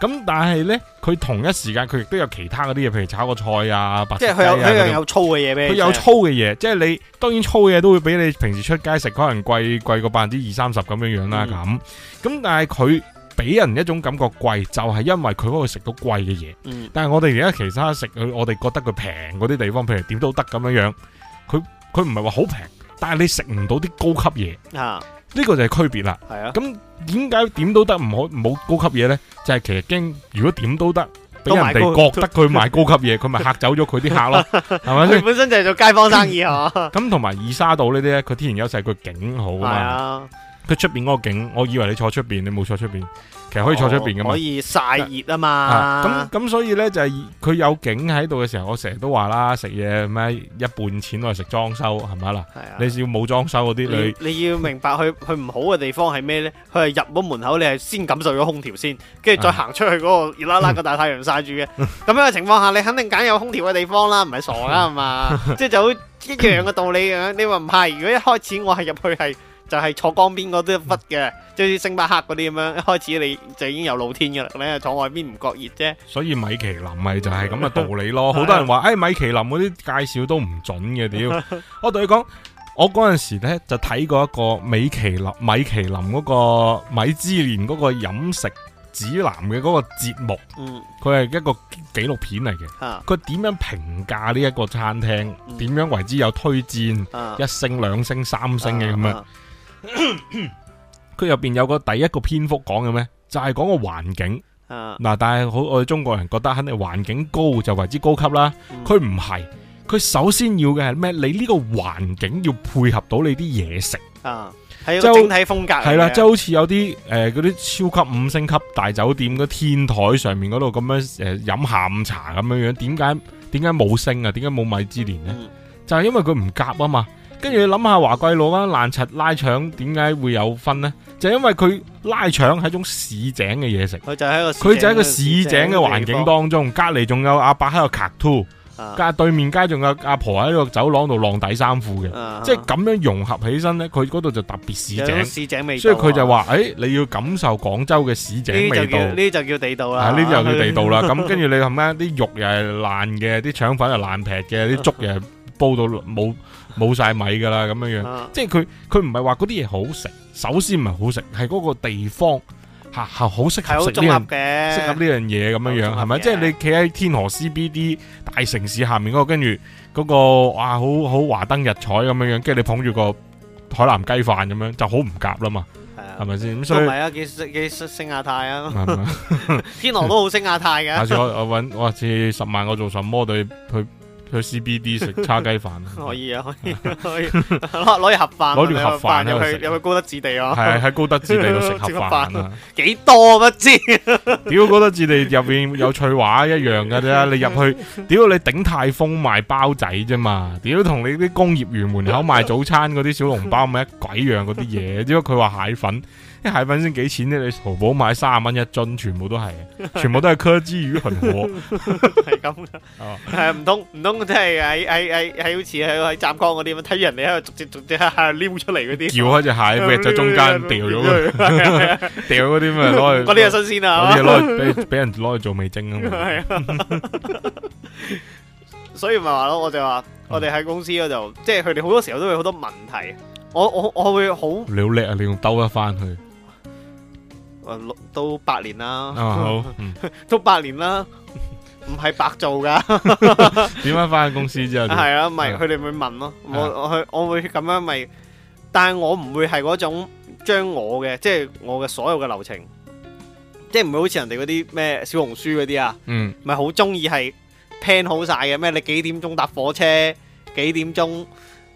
咁但係咧，佢同一時間佢亦都有其他嗰啲嘢，譬如炒個菜啊，白即係佢有有粗嘅嘢咩？佢有粗嘅嘢，即、就、係、是、你當然粗嘅嘢都會比你平時出街食可能貴貴個百分之二三十咁樣、嗯、樣啦咁。咁但係佢。俾人一種感覺貴，就係、是、因為佢可以食到貴嘅嘢。嗯、但係我哋而家其他食佢，我哋覺得佢平嗰啲地方，譬如點都得咁樣樣，佢佢唔係話好平，但係你食唔到啲高級嘢啊。呢個就係區別啦。係啊，咁點解點都得？唔好高級嘢咧？就係、是、其實驚，如果點都得，俾人哋覺得佢賣高級嘢，佢咪嚇走咗佢啲客咯？係咪本身就係做街坊生意 啊嘛。咁同埋二沙島呢啲咧，佢天然優勢，佢景好啊嘛。佢出邊嗰個景，我以為你坐出邊，你冇坐出邊，其實可以坐出邊噶嘛，可以晒熱啊嘛。咁咁所以咧就係佢有景喺度嘅時候，我成日都話啦，食嘢咩一半錢都係食裝修係咪啊啦？係啊。你要冇裝修嗰啲，你你要明白佢佢唔好嘅地方係咩咧？佢係入到門口，你係先感受咗空調先，跟住再行出去嗰個熱辣辣個大太陽曬住嘅。咁樣嘅情況下，你肯定揀有空調嘅地方啦，唔係傻啦係嘛？即係就好一樣嘅道理啊！你話唔係？如果一開始我係入去係。就係、是、坐江邊嗰啲忽嘅，即係星巴克嗰啲咁樣，一開始你就已經有露天嘅啦，咁樣坐外邊唔覺熱啫。所以米其林咪就係咁嘅道理咯。好、嗯、多人話，誒、嗯哎，米其林嗰啲介紹都唔準嘅，屌、嗯嗯！我對你講，我嗰陣時呢就睇過一個米其林、米其林嗰個米芝蓮嗰個飲食指南嘅嗰個節目，佢、嗯、係一個紀錄片嚟嘅。佢、啊、點樣評價呢一個餐廳，點、嗯、樣為之有推薦、啊，一星、兩星、三星嘅咁樣。佢入邊有個第一個篇幅講嘅咩？就係、是、講個環境。嗱、啊啊，但係好我哋中國人覺得肯定環境高就為之高級啦。佢唔係，佢首先要嘅係咩？你呢個環境要配合到你啲嘢食。啊，係整體風格係啦，即係、啊、好似有啲誒啲超級五星級大酒店嗰天台上面嗰度咁樣誒，飲、呃、下午茶咁樣樣。點解點解冇星啊？點解冇米芝蓮呢？嗯、就係、是、因為佢唔夾啊嘛。跟住你諗下華貴路啦，爛柒拉腸點解會有分呢？就係、因為佢拉腸係種市井嘅嘢食，佢就喺個佢就喺個市井嘅環境當中，隔籬仲有阿伯喺度咳吐，隔對面街仲有阿婆喺個走廊度晾底衫褲嘅，即係咁樣融合起身呢，佢嗰度就特別市井，市井味、啊。所以佢就話誒、哎，你要感受廣州嘅市井味道，呢啲就，就叫地道啦。係呢啲又叫地道啦。咁跟住你咁咩？啲肉又係爛嘅，啲腸粉又爛劈嘅，啲粥又煲到冇。啊冇晒米噶啦，咁樣樣、啊，即係佢佢唔係話嗰啲嘢好食，首先唔係好食，係嗰個地方吓好適合食呢嘅適合呢樣嘢咁樣樣，係咪？即係你企喺天河 CBD 大城市下面嗰、嗰個，跟住嗰個哇，好好華燈日彩咁樣樣，跟住你捧住個海南雞飯咁樣，就好唔夾啦嘛，係咪先？咁所以唔係啊，幾幾升升亞太啊，係咪啊 天河都好升亞太嘅、啊、下次我我搵我下次十萬個做什麼對去。去 CBD 食叉雞飯、 啊，可以啊，可以，可攞攞住盒飯，攞 條盒飯入去，入去高德置地啊，係喺高德置地度食盒飯啊， 幾多我唔知？屌 高德置地入面有翠華一樣嘅啫，你入去屌你頂泰豐賣包仔啫嘛，屌同你啲工業園門口賣早餐嗰啲小籠包咪一鬼樣嗰啲嘢？只不過佢話蟹粉。啲蟹粉先幾錢啫？你淘寶買卅蚊一樽，全部都係，全部都係科技魚存貨，係咁嘅。哦，係唔通唔通，即係喺喺喺喺，好似喺喺湛江嗰啲咁，睇住人哋喺度逐隻逐隻喺度撩出嚟嗰啲，撬開隻蟹，咩就中間掉咗，掉嗰啲咩攞去，嗰啲係新鮮啊，嗰啲攞俾俾人攞去做味精啊嘛。所以咪話咯，我就話，我哋喺公司我就，即係佢哋好多時候都會好多問題，我我我會好，你好叻啊，你仲兜得翻去。誒，六都八年啦，好，都八年啦，唔係白做噶。點樣翻去公司之後？係啊，咪佢哋咪問咯，我我我會咁樣咪，但係我唔會係嗰種將我嘅，即係我嘅所有嘅流程，即係唔會好似人哋嗰啲咩小紅書嗰啲啊，嗯，咪好中意係 plan 好晒嘅咩，你幾點鐘搭火車，幾點鐘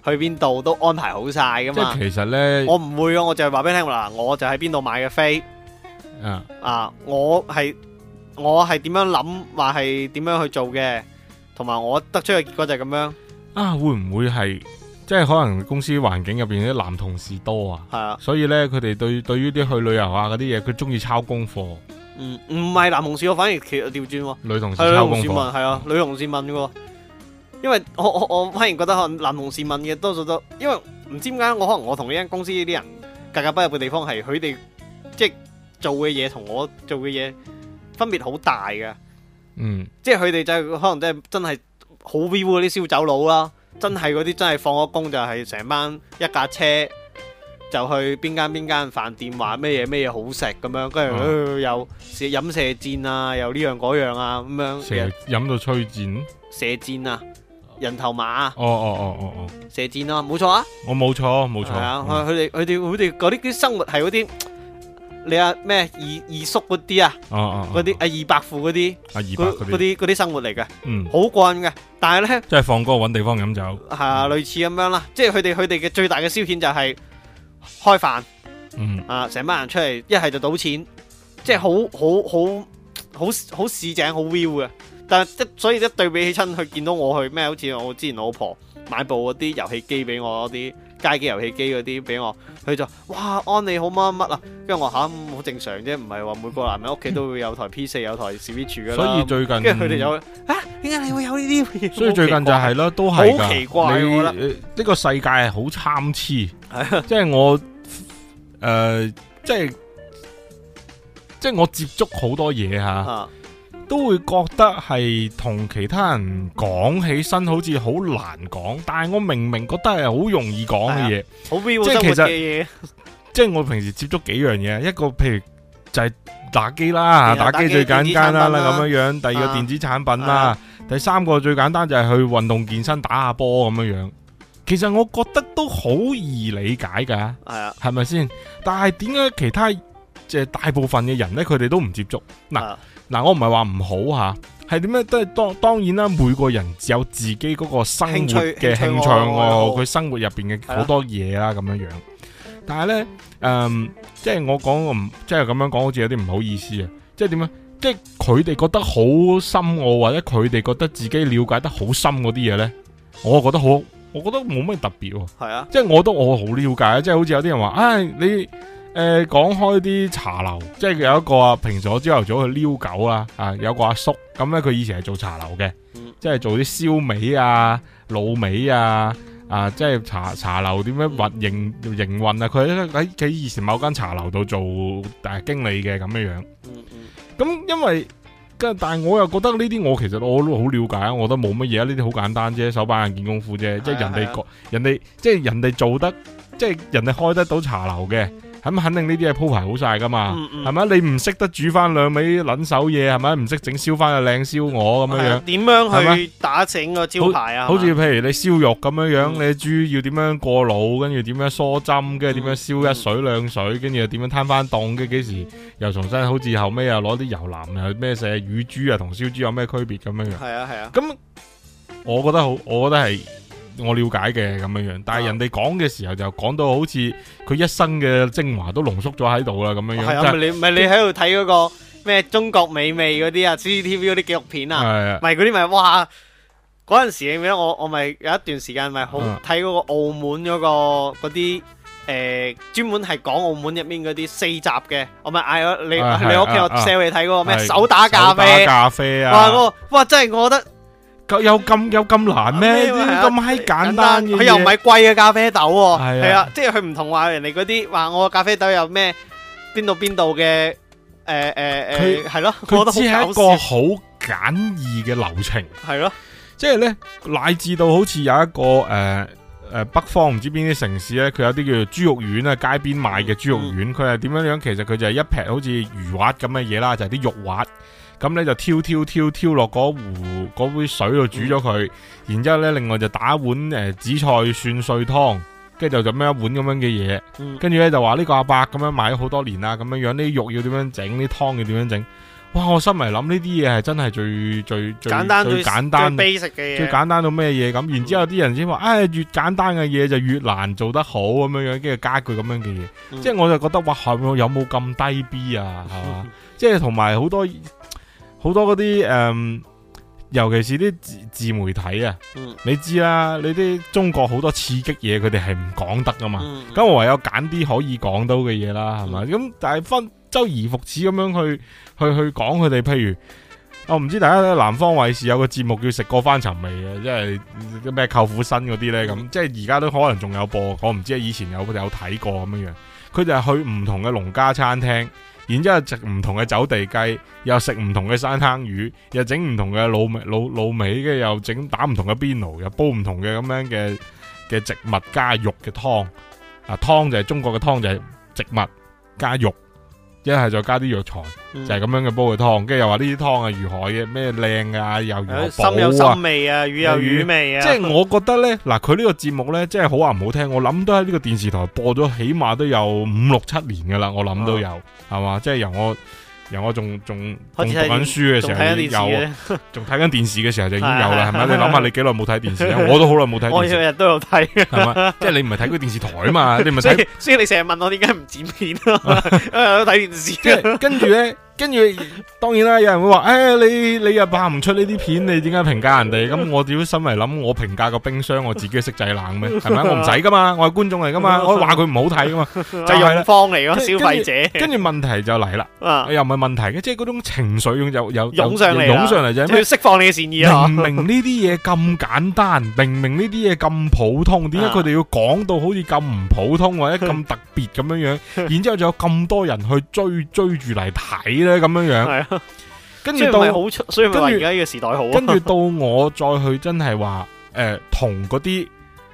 去邊度都安排好晒噶嘛。即係其實咧，我唔會啊，我就係話俾你聽啦，我就喺邊度買嘅飛。啊！啊！我係我係點樣諗，或係點樣去做嘅，同埋我得出嘅結果就係咁樣。啊！會唔會係即係可能公司環境入邊啲男同事多啊？係啊，所以咧佢哋對對於啲去旅遊啊嗰啲嘢，佢中意抄功課。唔，唔係男同事，我反而調轉。女同事抄功課。係咯，女同事問係啊，女同事問嘅。因為我我我反而覺得可能男同事問嘅多數都，因為唔知點解我可能我同呢間公司呢啲人格格不入嘅地方係佢哋即係。做嘅嘢同我做嘅嘢分別好大嘅，嗯，即係佢哋就可能就係真係真係好 vul 嗰啲燒酒佬啦、嗯，真係嗰啲真係放咗工就係成班一架車就去邊間邊間飯店話咩嘢咩嘢好食咁樣，跟住又射飲射箭啊，又呢樣嗰樣啊咁樣啊啊啊啊啊啊、哦，成日飲到吹箭，射箭啊，人頭馬，哦哦哦哦哦，射箭啊，冇錯、嗯、啊，我冇錯冇錯，佢佢哋佢哋佢哋嗰啲啲生活係嗰啲。你阿、啊、咩二二叔嗰啲啊，啲、啊、阿二伯父嗰啲，佢嗰啲嗰啲生活嚟嘅，好慣嘅。但係咧，即係放歌搵地方飲酒，係、啊嗯、類似咁樣啦。即係佢哋佢哋嘅最大嘅消遣就係開飯、嗯，啊成班人出嚟一係就賭錢，嗯、即係好好好好好市井好 view 嘅。但係一所以一對比起親，去見到我去咩，好似我之前老婆買部嗰啲遊戲機俾我嗰啲。街機遊戲機嗰啲俾我，佢就說哇安利好乜乜啊，跟住我吓好、嗯、正常啫，唔係話每個男人屋企都會有台 P 四有台 Switch 噶，所以最近，跟住佢哋有啊，點解你會有呢啲？所以最近就係、是、咯，都係好奇怪你我覺得呢、這個世界係好參差，即 係我誒，即係即係我接觸好多嘢吓。 都會覺得係同其他人講起身好似好難講，但係我明明覺得係好容易講嘅嘢，即係其實即係我平時接觸幾樣嘢，一個譬如就係打機啦，打機最簡單啦咁樣樣，第二個電子產品啦，啊啊、第三個最簡單就係去運動健身打下波咁樣樣。其實我覺得都好易理解噶，係咪先？但係點解其他、即係、大部分嘅人呢，佢哋都唔接觸嗱？嗱，我唔係話唔好吓，係點樣？都係當當然啦，每個人有自己嗰個生活嘅興趣喎，佢、哦哦哦、生活入邊嘅好多嘢啦咁樣樣。但係呢，誒、嗯，即係我講，唔即係咁樣講，好似有啲唔好意思啊！即係點樣？即係佢哋覺得好深奧，或者佢哋覺得自己了解得好深嗰啲嘢呢，我覺得好，我覺得冇乜特別喎。係啊，即係我都我好了解即係好似有啲人話，唉，你。誒、呃，講開啲茶樓，即係有一個啊，平時我朝頭早去遛狗啊，啊有個阿叔咁咧，佢以前係做茶樓嘅，嗯，即係做啲燒味啊、滷味啊，啊，即係茶茶樓點樣運營營運啊。佢喺喺以前某間茶樓度做誒、啊、經理嘅咁樣。樣。咁因為，但係我又覺得呢啲我其實我都好了解，我都冇乜嘢，呢啲好簡單啫，手板眼見功夫啫，嗯。即係人哋，嗯、人哋，即係人哋做得，即係人哋開得到茶樓嘅。咁肯定呢啲係鋪排好晒噶嘛，係、嗯、咪、嗯？你唔識得煮翻兩味捻手嘢，係咪？唔識整燒翻個靚燒鵝咁樣樣，點、啊、樣去打整個招牌啊？好似譬如你燒肉咁樣樣，嗯、你豬要點樣過腦，跟住點樣梳針，跟住點樣燒一水兩、嗯、水，跟住又點樣攤翻凍嘅？幾、嗯嗯、時又重新？好似後尾又攞啲油腩又咩食？乳豬啊同燒豬有咩區別咁樣樣？係啊係啊。咁、啊、我覺得好，我覺得係。我了解嘅咁樣樣，但係人哋講嘅時候就講到好似佢一生嘅精華都濃縮咗喺度啦，咁樣樣係啊！咪你咪你喺度睇嗰個咩中國美味嗰啲啊，CCTV 嗰啲紀錄片啊，係咪嗰啲咪哇？嗰陣時你記得我我咪有一段時間咪好睇嗰、啊、個澳門嗰、嗰個嗰啲誒，專、呃、門係講澳門入面嗰啲四集嘅，我咪嗌咗你、啊、你屋企我 show 你睇嗰個咩、啊、手打咖啡，咖啡啊！嗰個、哇哇真係我覺得。有咁有咁難咩？咁閪簡單嘅嘢，佢又唔係貴嘅咖啡豆、啊。係啊，啊，即係佢唔同話人哋嗰啲話我咖啡豆有咩邊度邊度嘅？誒誒誒，係、呃、咯，佢似係一個好簡易嘅流程。係咯、啊，即係咧，乃至到好似有一個誒誒、呃呃、北方唔知邊啲城市咧，佢有啲叫做豬肉丸啊，街邊賣嘅豬肉丸，佢係點樣樣？其實佢就係一劈好似魚滑咁嘅嘢啦，就係、是、啲肉滑。咁咧就挑挑挑挑落嗰壺嗰杯水度煮咗佢，嗯、然之後咧，另外就打一碗誒、呃、紫菜蒜碎湯，跟住就咁樣一碗咁樣嘅嘢，跟住咧就話呢個阿伯咁樣買咗好多年啦，咁樣樣呢，肉要點樣整，呢湯要點樣整，哇！我心嚟諗呢啲嘢係真係最最最簡單最簡單最 basic 嘅嘢，最簡單到咩嘢咁，嗯、然之後啲人先話，唉、哎、越簡單嘅嘢就越難做得好咁樣樣，跟住加佢咁樣嘅嘢，嗯、即係我就覺得哇，有冇咁低 B 啊，係嘛？ 即係同埋好多。好多嗰啲、呃、尤其是啲自，自媒體啊，嗯、你知啦，你啲中國好多刺激嘢，佢哋係唔講得噶嘛。咁、嗯、我唯有揀啲可以講到嘅嘢啦，係嘛？咁但係分周而復始咁樣去去去講佢哋，譬如我唔知大家南方衛視有個節目叫食過返尋味啊，即係咩舅父新嗰啲咧咁，即係而家都可能仲有播，我唔知以前有有睇過咁樣，佢就係去唔同嘅農家餐廳。然之後食唔同嘅走地雞，又食唔同嘅山坑魚，又整唔同嘅滷味滷味，嘅又整打唔同嘅邊爐，又煲唔同嘅咁樣嘅嘅植物加肉嘅湯。啊，湯就係，中國嘅湯就係植物加肉。是就一係再加啲藥材，就係、是、咁樣嘅煲嘅湯，跟、嗯、住又話呢啲湯啊如海嘅咩靚呀？又如寶啊，心有心味啊，魚有魚味啊。即、就、係、是、我覺得咧，嗱 佢呢個節目咧，即係好話唔好聽，我諗都喺呢個電視台播咗起碼都有五六七年噶啦，我諗都有係嘛，即、嗯、係、就是、由我。然後我仲仲仲讀緊書嘅時候有，仲睇緊電視嘅時候就已經有啦，係 咪？你諗下你幾耐冇睇電視啊？ 我都好耐冇睇，我日日都有睇，係嘛？即係你唔係睇嗰個電視台啊嘛？ 你唔係睇，所以你成日問我點解唔剪片咯？誒，睇電視， 跟住咧。 跟住，當然啦，有人會話，誒、哎，你你又拍唔出呢啲片，你點解評價人哋？咁 我屌，都心嚟諗，我評價個冰箱，我自己識製冷咩？係 咪？我唔使噶嘛，我係觀眾嚟噶嘛， 我話佢唔好睇噶嘛，就用放嚟咯，消費者。跟住問題就嚟啦， 又唔係問題嘅，即係嗰種情緒湧上嚟，湧上嚟就，是，就釋放你嘅善意，啊、明明呢啲嘢咁簡單， 明明呢啲嘢咁普通，點解佢哋要講到好似咁唔普通或者咁特別咁樣樣？ 然之後仲有咁多人去追追住嚟睇咁樣樣，跟住到，所以話而家呢個時代好，跟住到我再去真係話，誒、呃，同嗰啲。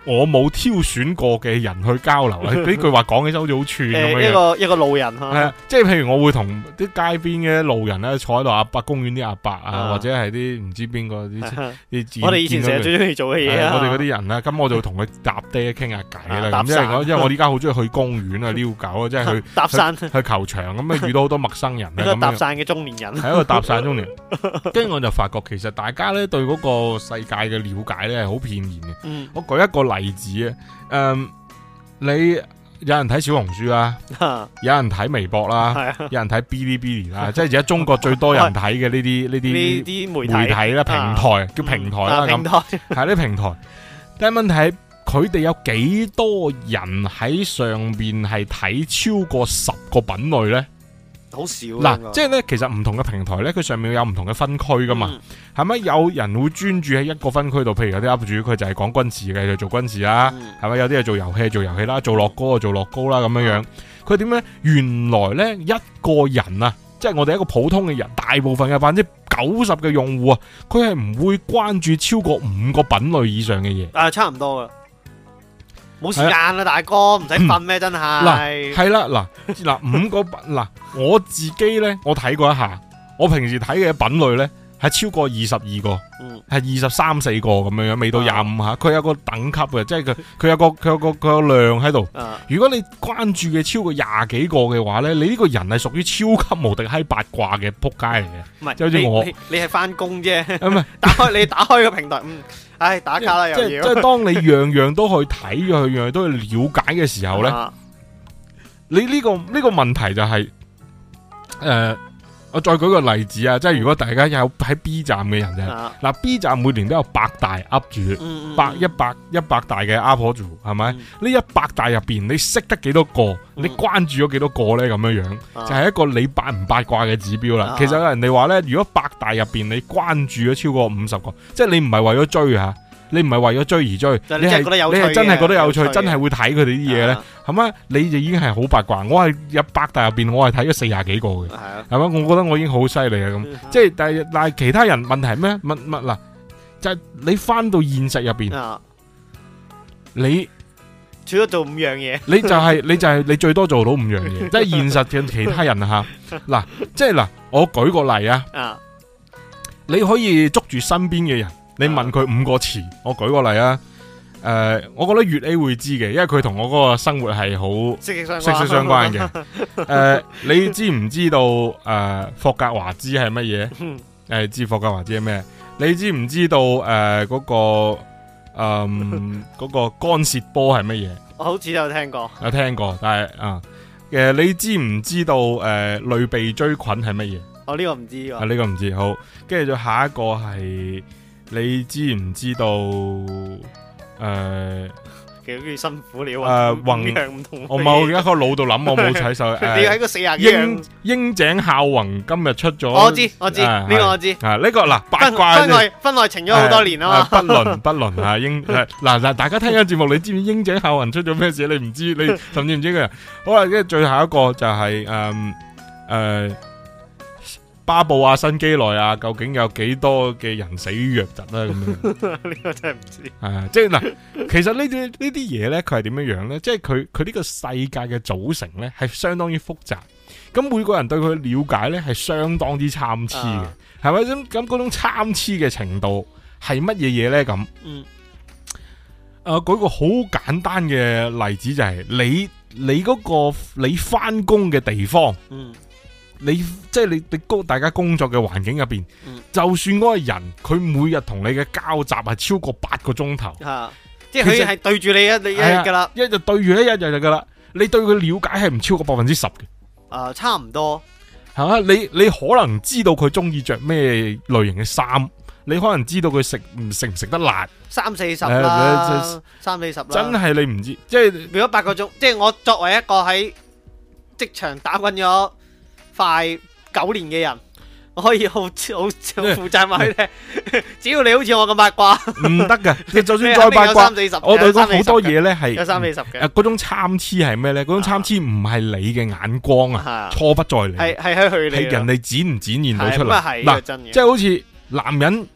我冇挑選過嘅人去交流，呢 句話講起真好似好串咁樣。一個一個路人、嗯、即係譬如我會同啲街邊嘅路人咧坐喺度，阿伯公園啲阿伯啊，或者係啲唔知邊個啲、啊啊啊啊。我哋以前成日最中意做嘅嘢，我哋嗰啲人咁、嗯嗯、我就同佢搭嗲傾下偈，因為我因依家好中意去公園啊，遛狗即係去搭山去球場咁、嗯、遇到好多陌生人一搭訕嘅中年人，係一個搭訕中年人。跟 住我就發覺，其實大家咧對嗰個世界嘅了解咧係好片面嘅、嗯。我舉一個例。例子啊，誒、嗯，你有人睇小紅書啦、啊啊，有人睇微博啦、啊啊，有人睇嗶哩嗶哩啦，即係而家中國最多人睇嘅呢啲呢啲呢啲媒體啦、啊、平台、啊，叫平台啦、啊、咁，係、啊、啲、啊、平台。平台 但係問題係，佢哋有幾多人喺上邊係睇超過十個品類咧？好少嗱、啊，那個、即係咧，其實唔同嘅平台咧，佢上面有唔同嘅分區噶嘛，係、嗯、咪？有人會專注喺一個分區度，譬如有啲 up 主佢就係講軍事嘅，就做軍事啦，係、嗯、咪？有啲係做遊戲，做遊戲啦，做樂高啊，做樂高啦，咁樣樣。佢點咧？原來咧，一個人啊，即、就、係、是、我哋一個普通嘅人，大部分嘅，百分之九十嘅用戶啊，佢係唔會關注超過五個品類以上嘅嘢，但係，差唔多噶。冇時間啦、啊啊，大哥，唔使瞓咩？真係。嗱係啦，嗱嗱、啊、五個嗱 我自己咧，我睇過一下，我平時睇嘅品類咧，係超過二十二個，係二十三四個咁樣樣，未到廿五下。佢、啊、有個等級嘅，即係佢佢有個佢有個佢有量喺度、啊。如果你關注嘅超過廿幾個嘅話咧，你呢個人係屬於超級無敵閪八卦嘅撲街嚟嘅。唔係，就好似我，你係翻工啫。唔係，是是 打開你打開個平台。嗯哎、打卡啦、又要、就是、即係即係，當你樣樣都去睇佢，樣 樣都去了解嘅時候咧，啊、你呢、呢個呢、呢個問題就係、是、誒。呃我再舉個例子啊，即係如果大家有喺 B 站嘅人嘅，嗱 B 站每年都有百大 up 主，百一百一百大嘅 up 主，係咪？呢一百大入面你識得幾多個？你關注咗幾多個呢？咁樣樣就係、是、一個你八唔八卦嘅指標啦。其實人哋話呢，如果百大入面你關注咗超過五十個，即係你唔係為咗追下。你唔係為咗追而追，就是、你係你係真係覺得有趣，有趣的真係會睇佢哋啲嘢，咧，係嘛、啊？你就已經係好八卦。我係一百大入面，大入邊我係睇咗四十幾個嘅，係啊，係嘛？我覺得我已經好犀利啊！咁即係，但係但係其他人問題係咩？乜乜嗱？就係、是、你翻到現實入邊、啊，你最多做五樣嘢，你就係、是、你就係、是、你最多做到五樣嘢，即 係現實嘅其他人吓嗱，即係嗱，我舉個例啊，你可以捉住身邊嘅人。.你問佢五個詞，我舉個例啊。誒、呃，我覺得粵 A 會知嘅，因為佢同我嗰個生活係好息息相關嘅。誒、 呃，你知唔知道誒、呃、霍格華茲係乜嘢？誒、 呃，知霍格華茲係咩？你知唔知道誒嗰、呃那個誒、呃那個干涉波係乜嘢？我好似有聽過，有聽過，但係啊，誒、呃，你知唔知道誒、呃、類鼻錐菌係乜嘢？我、哦、呢、這個唔知喎、這個。啊，呢、這個唔知道，好，跟住就下一個係。你知唔知道？誒、呃，其實都辛苦你。誒、嗯，混樣唔同。我冇，而家個腦度諗， 我冇睇手。嗯、 你要喺個四廿幾樣英。櫻井孝宏今日出咗。我知，我知，呢、啊這個我知。啊，呢、這個嗱、啊、八卦婚外情咗好多年啊嘛。不倫不倫啊，英嗱嗱，大家聽緊節目，你知唔知櫻井孝宏出咗咩事？你唔知你甚至唔知佢。 好啦，跟住最後一個就係誒誒。嗯啊巴布亞，新幾內亞，究竟有幾多嘅人死於瘧疾啦？咁樣呢 個真係唔知。係、啊、即係嗱，其實些些呢啲呢啲嘢咧，佢係點樣樣咧？即係佢佢呢個世界嘅組成咧，係相當於複雜。咁每個人對佢嘅了解咧，係相當之參差嘅。係咪先？咁嗰種參差嘅程度係乜嘢嘢咧？咁嗯，誒、啊，舉個好簡單嘅例子就係、是、你你嗰、嗰個你翻工嘅地方嗯。你即係你你工大家工作嘅環境入邊，嗯、就算嗰個人佢每日同你嘅交集係超過八個鐘頭，啊，即係佢係對住你一一日噶啦，一日對住一日一日日噶啦。你對佢了解係唔超過百分之十嘅，啊差唔多係嘛，啊？你你可能知道佢中意着咩類型嘅衫，你可能知道佢食唔食唔食得辣，三四十啦，啊，三四十，真係你唔知道。即係如果八個鐘，即係我作為一個喺職場打滾咗快九年嘅人，我可以好好負責埋你。欸、 只要你好似我咁八卦，唔得㗎。你就算再八卦，我哋講好多嘢咧係。有三四十嘅。嗰、嗯啊、種參差係咩咧？嗰種參差唔係你嘅眼光啊，錯、啊、不在是是是去你。係係喺佢，係人哋展唔展現到出嚟。嗱，係啊、係真嘅。即係好似男人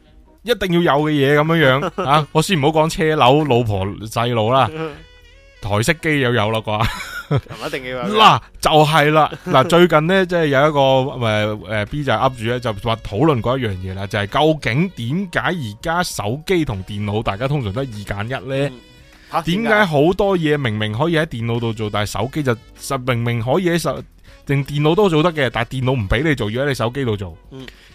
一定要有嘅嘢咁樣樣 啊！我先唔好講車樓、老婆、細佬啦， 台式機又有啦啩。一定要嗱、 啊、就係啦嗱最近呢，即、就、係、是、有一個誒、呃、B 就係 up 主咧就話討論過一樣嘢啦，就係、是、究竟點解而家手機同電腦大家通常都二揀一呢？點解好多嘢明明可以喺電腦度做，但係手機就實明明可以喺手定電腦都做得嘅，但係電腦唔俾你做，要喺你手機度做。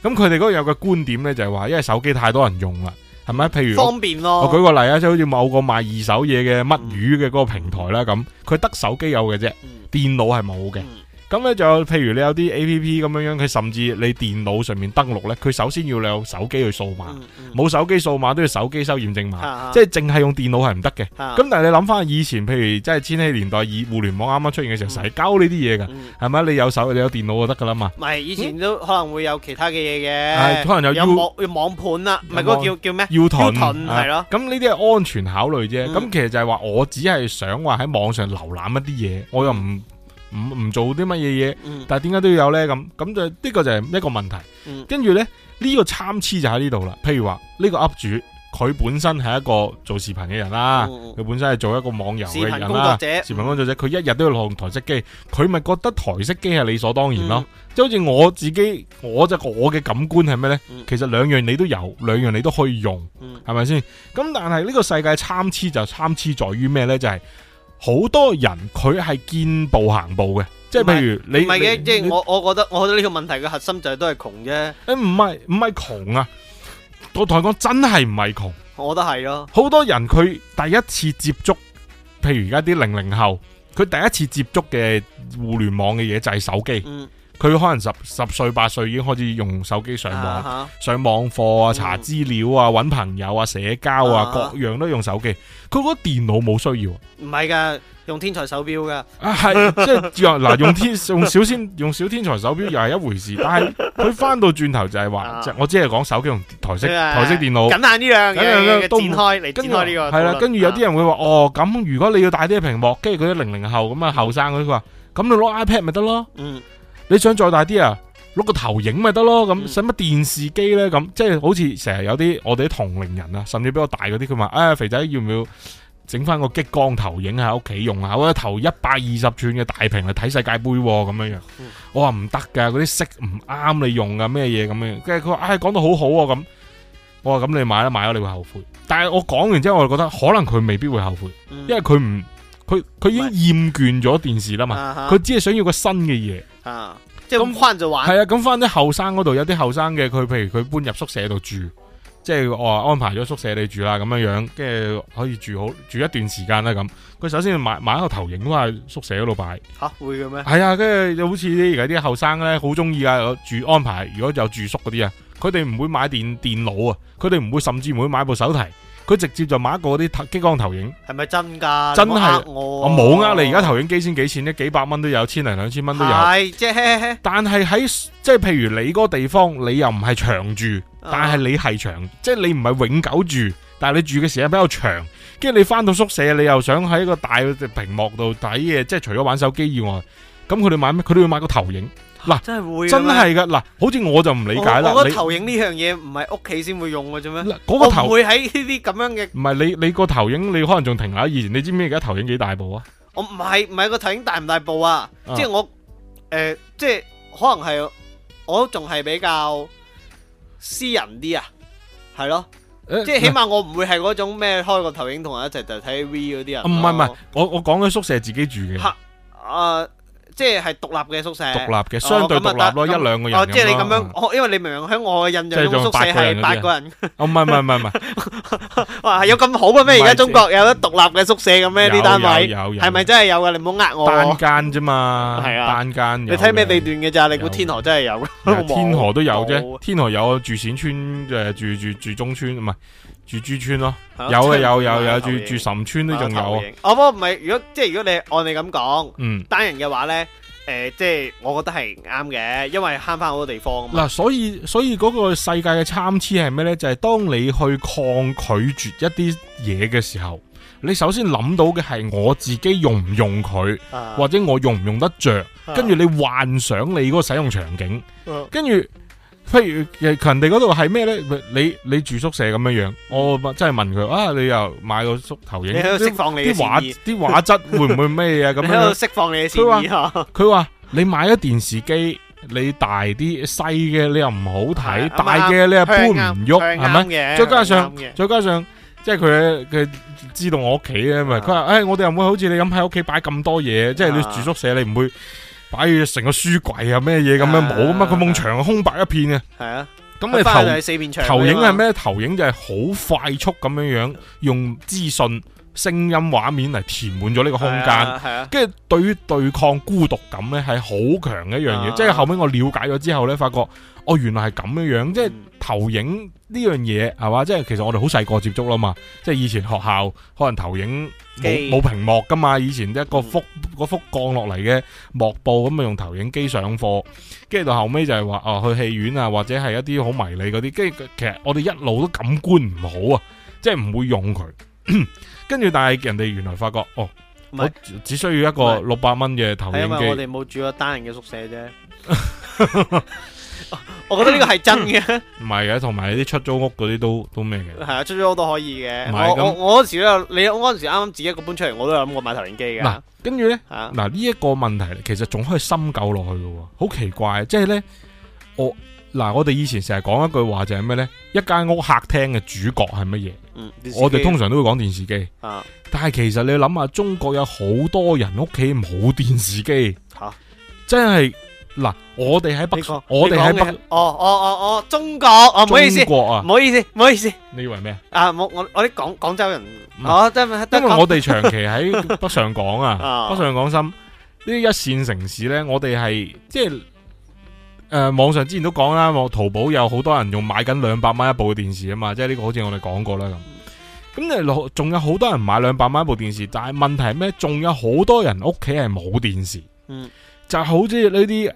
咁佢哋嗰個有個觀點呢，就係話，因為手機太多人用啦。係咪？譬如我，方便咯，我舉個例啊，即係好似某個賣二手嘢嘅乜魚嘅嗰個平台啦，咁佢得手機有嘅啫，電腦係冇嘅。嗯嗯咁咧就譬如你有啲 A P P 咁樣樣，佢甚至你電腦上面登錄咧，佢首先要你有手機去掃碼，冇、嗯嗯、手機掃碼都要手機收驗證碼，嗯、即係淨係用電腦係唔得嘅。咁、嗯、但係你諗翻以前，譬如即係千禧年代以互聯網啱啱出現嘅時候，使、嗯、交呢啲嘢㗎，係、嗯、咪？你有手你有電腦就得㗎啦嘛。唔、嗯、係，以前都可能會有其他嘅嘢嘅，可能有，U, 有網要網盤啦、啊，唔係嗰個叫叫咩？要盾，係、嗯、咯。咁呢啲係安全考慮啫。咁、嗯、其實就係話我只係想話喺網上瀏覽一啲嘢、嗯，我又唔。唔唔做啲乜嘢嘢，但係點解都要有呢？咁咁就呢、呢個就係一個問題。跟、嗯、住呢、呢、呢個參差就喺呢度啦。譬如話呢、呢個 up 主佢本身係一個做視頻嘅人啦，佢、嗯、本身係做一個網遊嘅人啦，視頻工作者。視頻工作者佢一日都要用台式機，佢咪覺得台式機係理所當然咯。即好似我自己，我就我嘅感官係咩呢、嗯？其實兩樣你都有，兩樣你都可以用，係咪先？咁但係呢個世界參差就參差在於咩呢？就係、是。好多人佢係見步行步嘅，即係譬如你唔係嘅，即係、就是、我我覺得，我覺得呢個問題嘅核心就係都係窮啫。誒、欸，唔係唔係窮啊，我同你講真係唔係窮，我覺得係咯。好多人佢第一次接觸，譬如而家啲零零後，佢第一次接觸嘅互聯網嘅嘢就係手機。嗯佢可能十十歲八歲已經開始用手機上網、uh -huh. 上網課啊、查資料啊、揾、uh -huh. 朋友啊、社交啊，uh -huh. 各樣都用手機。佢個電腦冇需要、啊，唔係噶，用天才手表噶。啊，係 即係用， 用小用小，用小天才手表又係一回事，但係佢翻到轉頭就係話，uh -huh. 我只係講手機同台式台式電腦。咁係呢樣嘅都唔開嚟，跟住係啦。跟住有啲人會話、啊、哦，咁如果你要大啲嘅屏幕，跟住嗰啲零零後咁啊後生佢啲話，咁、uh -huh. 你攞 iPad 咪得咯？Uh -huh. 你想再大啲啊？攞個投影咪得咯，咁使乜電視機呢？咁即係好似成日有啲我哋啲同齡人啊，甚至比較大嗰啲，佢話啊肥仔要唔要整翻個激光頭影投影喺屋企用啊？或者投一百二十寸嘅大屏嚟睇世界杯咁樣樣，我話唔得噶，嗰啲色唔啱你用㗎。咩嘢咁樣。跟住佢話唉，講、哎、到好好、啊、喎。咁。我話咁你買啦，買咗你會後悔。但係我講完之後，我就覺得可能佢未必會後悔，嗯、因為佢唔佢佢已經厭倦咗電視啦嘛，佢、啊、只係想要個新嘅嘢。啊！即係咁翻就玩，嗯。係啊，咁翻啲後生嗰度有啲後生嘅，佢譬如佢搬入宿舍度住，即係我安排咗宿舍你住啦，咁樣樣，跟住可以住好住一段時間啦。咁佢首先買買一個投影都係宿舍嗰度擺。吓會嘅咩？係啊，跟住就好似而家啲後生咧，好中意啊！住安排，如果有住宿嗰啲啊，佢哋唔會買電電腦啊，佢哋唔會甚至唔會買部手提。佢直接就買一個嗰啲激光投影，係咪真噶？真係我冇呃你，而家投影機先幾錢呢？幾百蚊都有，千零兩千蚊都有。係即係，但係喺即係，譬如你嗰個地方，你又唔係長住，但係你係長，嗯、即係你唔係永久住，但係你住嘅時間比較長，跟住你翻到宿舍，你又想喺個大屏幕度睇嘅，即係除咗玩手機以外，咁佢哋買咩？佢都要買個投影。嗱，真係會，真係噶嗱，好似我就唔理解啦。我覺得投影呢樣嘢唔係屋企先會用嘅啫咩？嗰、嗰個頭唔會喺呢啲咁樣嘅。唔係，你你個投影你可能仲停下以前，你知唔知而家投影幾大、大、大部啊？我唔係唔係個投影大唔大部啊？即係我誒、呃，即係可能係我仲係比較私人啲、欸、啊、係、啊、咯，即係起碼我唔會係嗰種咩開個投影同人一齊就睇 V 嗰啲人。唔係唔係，我我講嘅宿舍自己住嘅。啊！呃即係獨立嘅宿舍，獨立嘅相對獨立咯，一兩個人嘅。哦，即係你咁樣，因為你明明響我嘅印象中宿舍係八個人。哦，唔係唔係唔係，哇，係有咁好嘅咩？而家中國有得獨立嘅宿舍嘅咩？啲單位係咪真係有嘅？你唔好呃我。單間啫嘛，係啊，單間。你睇咩地段嘅咋？你估天河真係有？天河都有啫，天河有住冼村，誒，住住住中村唔係。住珠村咯，啊啊，有啊有有有住住岑村都仲有啊！哦，唔係，啊啊啊不不，如果即係如果你按你咁講，嗯，單人嘅話咧，誒、呃，即係我覺得係啱嘅，因為慳翻好多地方嗱、啊，所以所以嗰個世界嘅參差係咩咧？就係、是、當你去抗拒，拒絕一啲嘢嘅時候，你首先諗到嘅係我自己用唔用佢，啊，或者我用唔用得着？跟、啊、住你幻想你嗰個使用場景，跟、啊、住。譬如人哋嗰度係咩咧？你你住宿舍咁樣樣，我真係問佢啊！你又買個縮投影，喺度釋放你嘅錢啲畫啲畫質會唔會咩啊？咁喺度釋放你嘅錢，佢話佢話，你買咗電視機，你大啲細嘅你又唔好睇、嗯，大嘅、嗯、你又搬唔喐，係咪？再加上再加上即係佢佢知道我屋企咧，咪佢話誒，我哋又唔會好似你咁喺屋企擺咁多嘢、啊，即係你住宿舍你唔會。擺成個書櫃啊咩嘢咁樣冇啊嘛，個夢牆空白一片嘅，係啊。咁你投投影係咩？投影就係好快速咁樣樣、啊、用資訊、聲音、畫面嚟填滿咗呢個空間。係啊，跟住、啊、對於對抗孤獨感咧，係好強嘅一樣嘢。即係後尾我了解咗之後咧，發覺我、哦、原來係咁樣樣。即係投影呢樣嘢係嘛？嗯、即係其實我哋好細個接觸啦嘛。即係以前學校可能投影。冇冇屏幕噶嘛？以前一個幅、嗯、嗰幅降落嚟嘅幕布咁啊，用投影機上課，跟住到後尾就係話哦，去戲院啊，或者係一啲好迷你嗰啲，跟住其實我哋一路都感官唔好啊，即係唔會用佢，跟住但係人哋原來發覺哦，唔係，我只需要一個六百蚊嘅投影機，係咪我哋冇住過單人嘅宿舍啫。 我覺得呢個係真嘅、嗯，唔係嘅，同埋啲出租屋嗰啲都都咩嘅，係啊，出租屋都可以嘅。我我我嗰時咧，你陣時啱啱自己一個搬出嚟，我都有諗過買投影機嘅。嗱，跟住咧，嗱呢一個問題其實仲可以深究落去嘅，好奇怪，即係咧，我嗱我哋以前成日講一句話就係咩咧？一間屋客廳嘅主角係乜嘢？我哋通常都會講電視機、啊。但係其實你諗下，中國有好多人屋企冇電視機，吓、啊，真係。嗱，我哋喺北，我哋喺北，北，哦，哦，哦，哦，中國，哦，唔好意思，中國啊，唔好意思，唔好意思。你以為咩啊？啊，我我啲廣廣州人，嗯、哦，因為我哋長期喺北上廣啊， 北上廣深呢啲一線城市呢，我哋係即係誒、呃，網上之前都講啦，我淘寶有好多人用買緊兩百蚊一部嘅電視啊嘛，即係呢個好似我哋講過啦咁。咁你，仲有好多人買兩百蚊一部電視，但係問題係咩？仲有好多人屋企係冇電視，嗯。就好似呢啲誒，嚟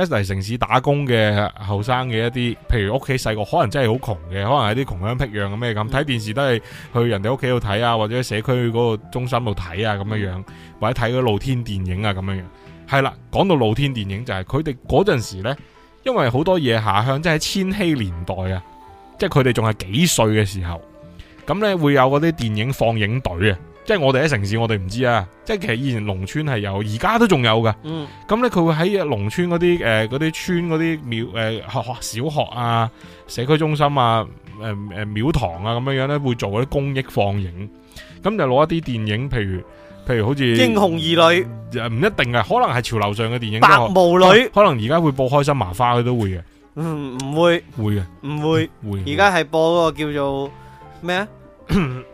而家嚟城市打工嘅後生嘅一啲，譬如屋企細個可能真係好窮嘅，可能係啲窮鄉僻壤咁咩咁，睇、嗯、電視都係去人哋屋企度睇啊，或者社區嗰個中心度睇啊咁樣樣，或者睇嗰露天電影啊咁樣樣。係啦，講到露天電影就係佢哋嗰陣時呢，因為好多嘢下鄉，即係千禧年代啊，即係佢哋仲係幾歲嘅時候，咁呢會有嗰啲電影放映隊啊。即係我哋喺城市，我哋唔知啊！即係其實以前農村係有，而家都仲有㗎。咁、嗯、咧，佢會喺農村嗰啲誒嗰啲村嗰啲廟誒學小學啊、社區中心啊、誒誒廟堂啊咁樣樣咧，會做嗰啲公益放映。咁就攞一啲電影，譬如譬如好似《英雄兒女》、嗯，唔一定係，可能係潮流上嘅電影。白毛女。可能而家會播《開心麻花》，佢都會嘅。唔、嗯、會，會？會嘅。唔會。會。而家係播嗰個叫做咩啊？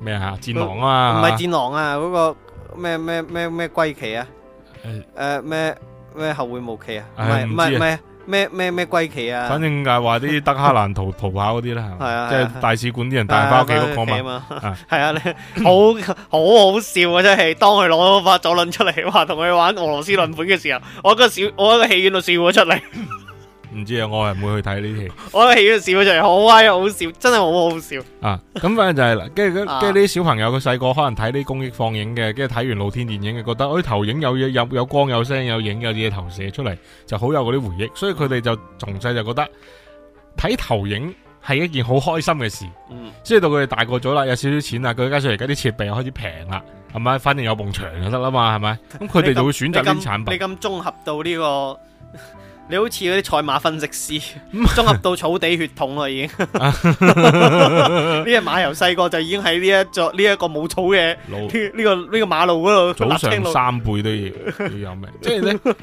咩啊？戰狼啊？唔係戰狼啊？嗰、那個咩咩咩咩歸期啊？誒咩咩後會無期啊？唔係唔係唔係咩咩咩歸期啊？反正係話啲德克蘭逃逃跑嗰啲啦，係、 啊啊就是啊啊、嘛？即係大使館啲人帶翻屋企嗰個嘛？係啊， 好好好笑啊！真係，當佢攞把左輪出嚟話同佢玩俄羅斯輪本嘅時候，我一個笑，我個戲院度笑咗出嚟。 唔知啊，我係唔會去睇呢啲。 我啲起劇笑就係好威，好笑，真係好好笑。啊，咁反正就係、是、啦，跟住跟啲小朋友佢細個可能睇啲公益放映嘅，跟住睇完露天電影嘅，覺得啲、欸、投影有有，有光有聲有影有嘢投射出嚟，就好有嗰啲回憶。所以佢哋就從細就覺得睇投影係一件好開心嘅事。即、嗯、係到佢哋大個咗啦，有少少錢啊，佢加上而家啲設備又開始平啦，係咪？反正有埲牆就得啦嘛，係咪？咁佢哋就會選擇啲產品。你咁綜合到呢、這個？你好似嗰啲賽馬分析師，綜合到草地血統啦已經。呢 隻 馬由細個就已經喺呢一座呢一個冇草嘅呢個呢個馬路嗰度。早上三倍都要，都 有咩？即係咧，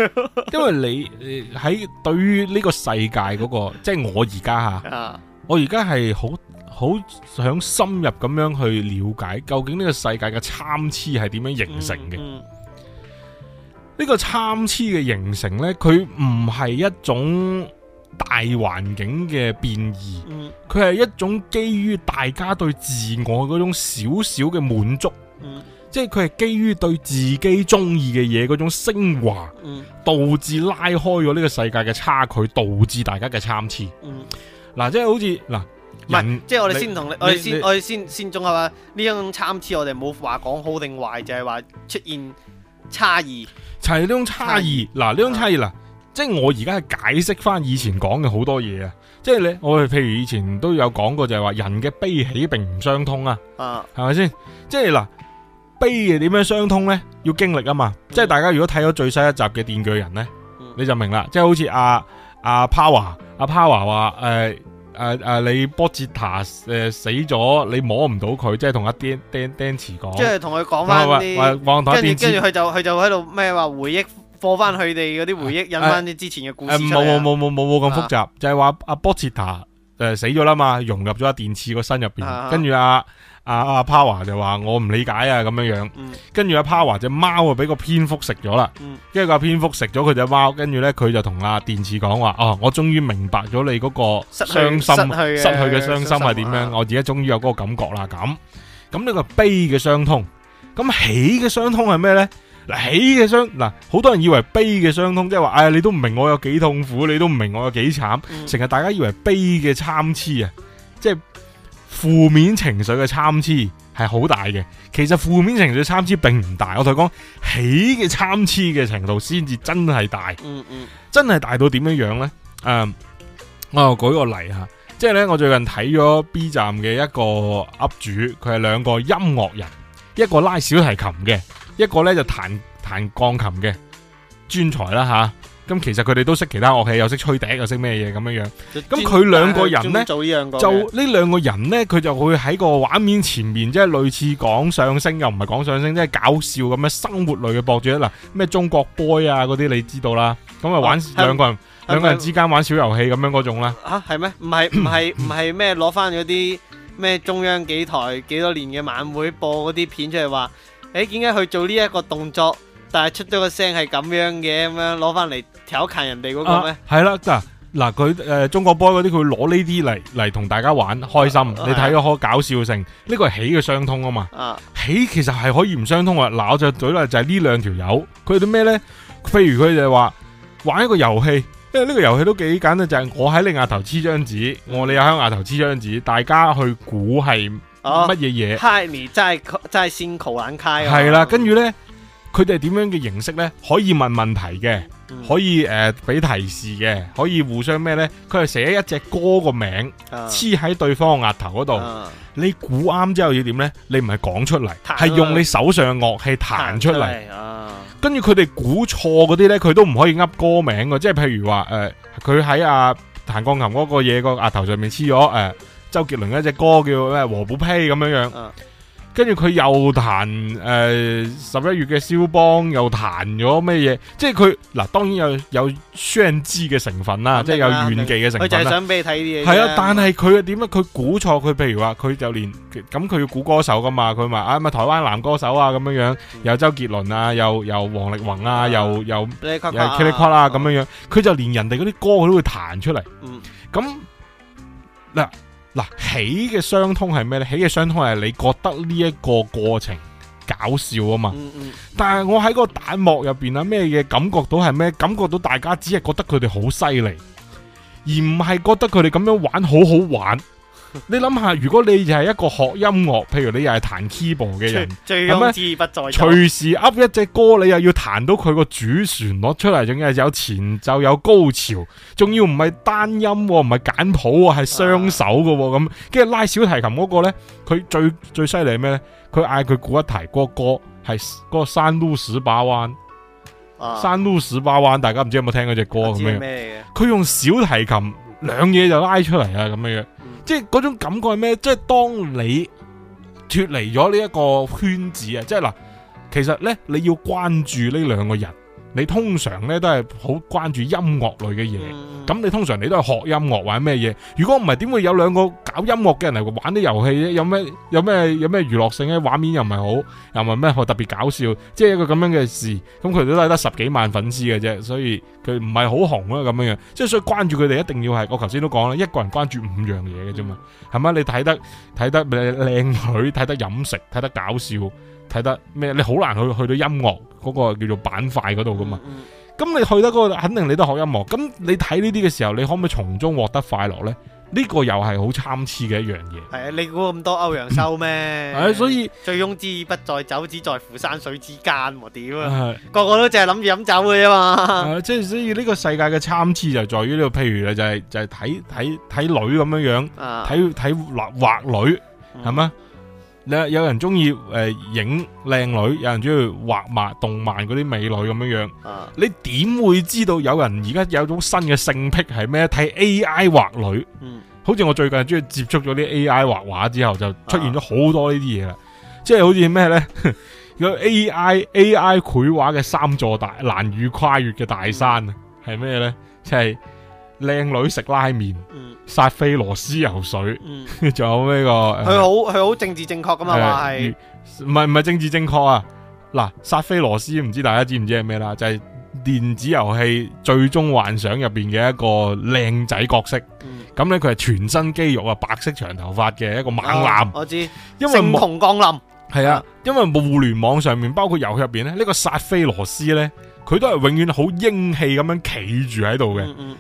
因為你喺對於呢個世界嗰個，即係我而家吓，我而家係好好想深入咁樣去了解，究竟呢個世界嘅參差係點樣形成嘅？嗯嗯呢、這個參差嘅形成呢，佢唔係一種大環境嘅變異，佢、嗯、係一種基於大家對自我嗰種少少嘅滿足，嗯、即係佢係基於對自己中意嘅嘢嗰種升華、嗯，導致拉開咗呢個世界嘅差距，導致大家嘅參差。嗱、嗯啊，即係好似嗱，唔、啊、係，即係我哋先同，你，我哋先，我哋先我先總結啊，呢種參差我哋冇話講好定壞，就係、是、話出現。差異，就係呢種差異。嗱、啊，呢種差異嗱，即係我而家係解釋翻以前講嘅好多嘢啊。即係你，我哋譬如以前都有講過，就係話人嘅悲喜並唔相通啊。啊，係咪先？即係嗱，悲係點樣相通咧？要經歷啊嘛。嗯、即係大家如果睇到最新一集嘅電鋸人咧、嗯，你就明啦。即係好似阿阿 Power 阿、啊、Power 話誒。呃誒、啊、誒、啊，你波捷塔誒死咗，你摸唔到佢，即係同阿釘釘釘刺講，即係同佢講翻啲，跟住跟住佢就佢就喺度咩話回憶，放翻佢哋嗰啲回憶，引翻啲之前嘅故事出嚟。冇冇冇冇冇冇咁複雜，啊、就係話阿波捷塔誒死咗啦嘛，融入咗阿電池個身入邊、啊，跟住啊。啊！阿 Power 就話我唔理解啊，咁樣樣。跟住阿 Power 隻貓啊，俾、嗯、個蝙蝠食咗啦。跟住個蝙蝠食咗佢隻貓，跟住呢，佢就同阿電池講話：，哦、啊，我終於明白咗你嗰個傷心，失去嘅傷心係點樣？啊、我自己終於有嗰個感覺啦。咁咁呢個悲嘅傷痛，咁喜嘅傷痛係咩呢？喜嘅傷，嗱，好多人以為悲嘅傷痛，即係話，哎呀，你都唔明我有幾痛苦，你都唔明我有幾慘，成、嗯、日大家以為悲嘅參差啊，即係。負面情緒嘅參差係好大嘅，其實負面情緒參差並唔大。我同你講，起嘅參差嘅程度先至真係大，大嗯嗯，真係大到點樣樣呢？誒，我又舉個例吓，即係呢，我最近睇咗 B 站嘅一個 UP 主，佢係兩個音樂人，一個拉小提琴嘅，一個呢就彈彈鋼琴嘅專才啦，吓。咁其實佢哋都識其他樂器，又識吹笛，又識咩嘢咁樣樣。咁佢兩個人呢，這就呢兩個人呢，佢就會喺個畫面前面，即係類似講相聲又唔係講相聲，即係搞笑咁樣生活類嘅博主啦。嗱，咩中國 boy 啊嗰啲你知道啦。咁啊玩、哦、兩個人，兩個人之間玩小遊戲咁樣嗰種啦。啊，係咩？唔係唔係唔係咩？攞翻嗰啲咩中央幾台幾多年嘅晚會播嗰啲片出嚟話，誒點解去做呢一個動作？但係出咗個聲係咁樣嘅，咁樣攞翻嚟挑釁人哋嗰個咩？係、啊、啦，嗱嗱佢誒，中國 boy 嗰啲佢攞呢啲嚟嚟同大家玩開心，啊、你睇咗可搞笑性？呢、啊這個係起嘅相通嘛啊嘛，起其實係可以唔相通啊。嗱，我就嘴啦就係、是、呢兩條友，佢哋咩咧？譬如佢哋話玩一個遊戲，因為呢個遊戲都幾簡單，就係、是、我喺你額頭黐張紙，我哋又喺額頭黐張紙，大家去估係乜嘢嘢。真係真係先扣難開啊！係啦，跟住咧。佢哋點樣嘅形式呢？可以問問題嘅，可以誒俾、呃、提示嘅，可以互相咩呢？佢係寫一隻歌個名，黐、啊、喺對方嘅額頭嗰度、啊。你估啱之後要點呢？你唔係講出嚟，係用你手上樂器彈出嚟。跟住佢哋估錯嗰啲呢，佢、啊、都唔可以噏歌名嘅。即係譬如話誒，佢喺阿彈鋼琴嗰個嘢個額頭上面黐咗誒周杰倫一隻歌叫咩《和寶呸》咁樣樣。跟住佢又彈誒十一月嘅肖邦，又彈咗咩嘢？即係佢嗱，當然有有雙知嘅成分啦，即係有演技嘅成分。佢就係想俾你睇啲嘢。係啊，但係佢點啊？佢估錯，佢譬如話佢就連咁，佢要估歌手噶嘛？佢咪啊咪台灣男歌手啊咁樣樣、嗯，有周杰倫啊，又又王力宏啊，啊又啊又 Kiki 啊咁樣樣。佢就連人哋嗰啲歌佢都會彈出嚟。咁嗱。起嘅相通係咩咧？起嘅相通係你覺得呢一個過程搞笑啊嘛。嗯嗯、但係我喺個彈幕入邊啦，咩嘢感覺到係咩？感覺到大家只係覺得佢哋好犀利，而唔係覺得佢哋咁樣玩好好玩。你諗下，如果你就係一個學音樂，譬如你又係彈 keyboard 嘅人，咁咧，隨時噏一隻歌，你又要彈到佢個主旋律出嚟，仲要係有前奏、有高潮，仲要唔係單音，唔係簡譜啊，係雙手嘅咁，跟住拉小提琴嗰個咧，佢最最犀利咩咧？佢嗌佢估一提嗰個歌係嗰個《山路十八彎》，《山路十八彎》，大家唔知有冇聽嗰隻歌咁樣？佢用小提琴。兩嘢就拉出嚟啊！咁樣樣，即係嗰種感覺係咩？即係當你脫離咗呢一個圈子啊！即係嗱，其實咧你要關注呢兩個人。你通常咧都係好關注音樂類嘅嘢，咁你通常你都係學音樂或者咩嘢？如果唔係，點會有兩個搞音樂嘅人嚟玩啲遊戲咧？有咩有咩有咩娛樂性嘅畫面又唔係好，又唔係咩特別搞笑，即係一個咁樣嘅事。咁佢都係得十幾萬粉絲嘅啫，所以佢唔係好紅啊咁樣樣。即係所以關注佢哋一定要係，我頭先都講啦，一個人關注五樣嘢嘅啫嘛，係咪？你睇得睇得靚女，睇得飲食，睇得搞笑。睇得咩？你好難去去到音樂嗰、那個叫做板塊嗰度噶嘛？咁、嗯嗯、你去得嗰、那個，肯定你都學音樂。咁你睇呢啲嘅時候，你可唔可以從中獲得快樂咧？呢、這個又係好參差嘅一樣嘢。係啊，你估咁多歐陽修咩？係、嗯啊、所以醉翁之意不在酒，只在乎山水之間。屌啊，啊？個個都淨係諗住飲酒嘅啫嘛。即、啊、係所以呢個世界嘅參差就在於呢個，譬如就係、是、就係睇睇睇女咁樣樣，睇睇畫女係咩？嗯是嗎？有有人中意誒影靚女，有人中意畫漫動漫嗰啲美女咁樣樣。啊、你點會知道有人而家有一種新嘅性癖係咩？睇 AI 畫女，嗯、好似我最近中意接觸咗啲 AI 畫畫之後，就出現咗、啊就是、好多呢啲嘢啦。即係好似咩咧？有 AI AI 繪畫嘅三座大難以跨越嘅大山，係、嗯、咩呢？即係靚女食拉麵。嗯薩菲羅斯游水，仲、嗯、有呢、這個，佢好佢好政治正確噶嘛？話係唔係唔係政治正確啊？嗱，薩菲羅斯唔知道大家知唔知係咩啦？就係、是、電子遊戲最終幻想入邊嘅一個靚仔角色。咁、嗯、咧，佢、嗯、係全身肌肉啊，白色長頭髮嘅一個猛男、啊。我知，因為唔紅降臨係啊，啊，因為互聯網上面包括遊戲入邊咧，這個、呢個薩菲羅斯咧，佢都係永遠好英氣咁樣企住喺度嘅。嗯嗯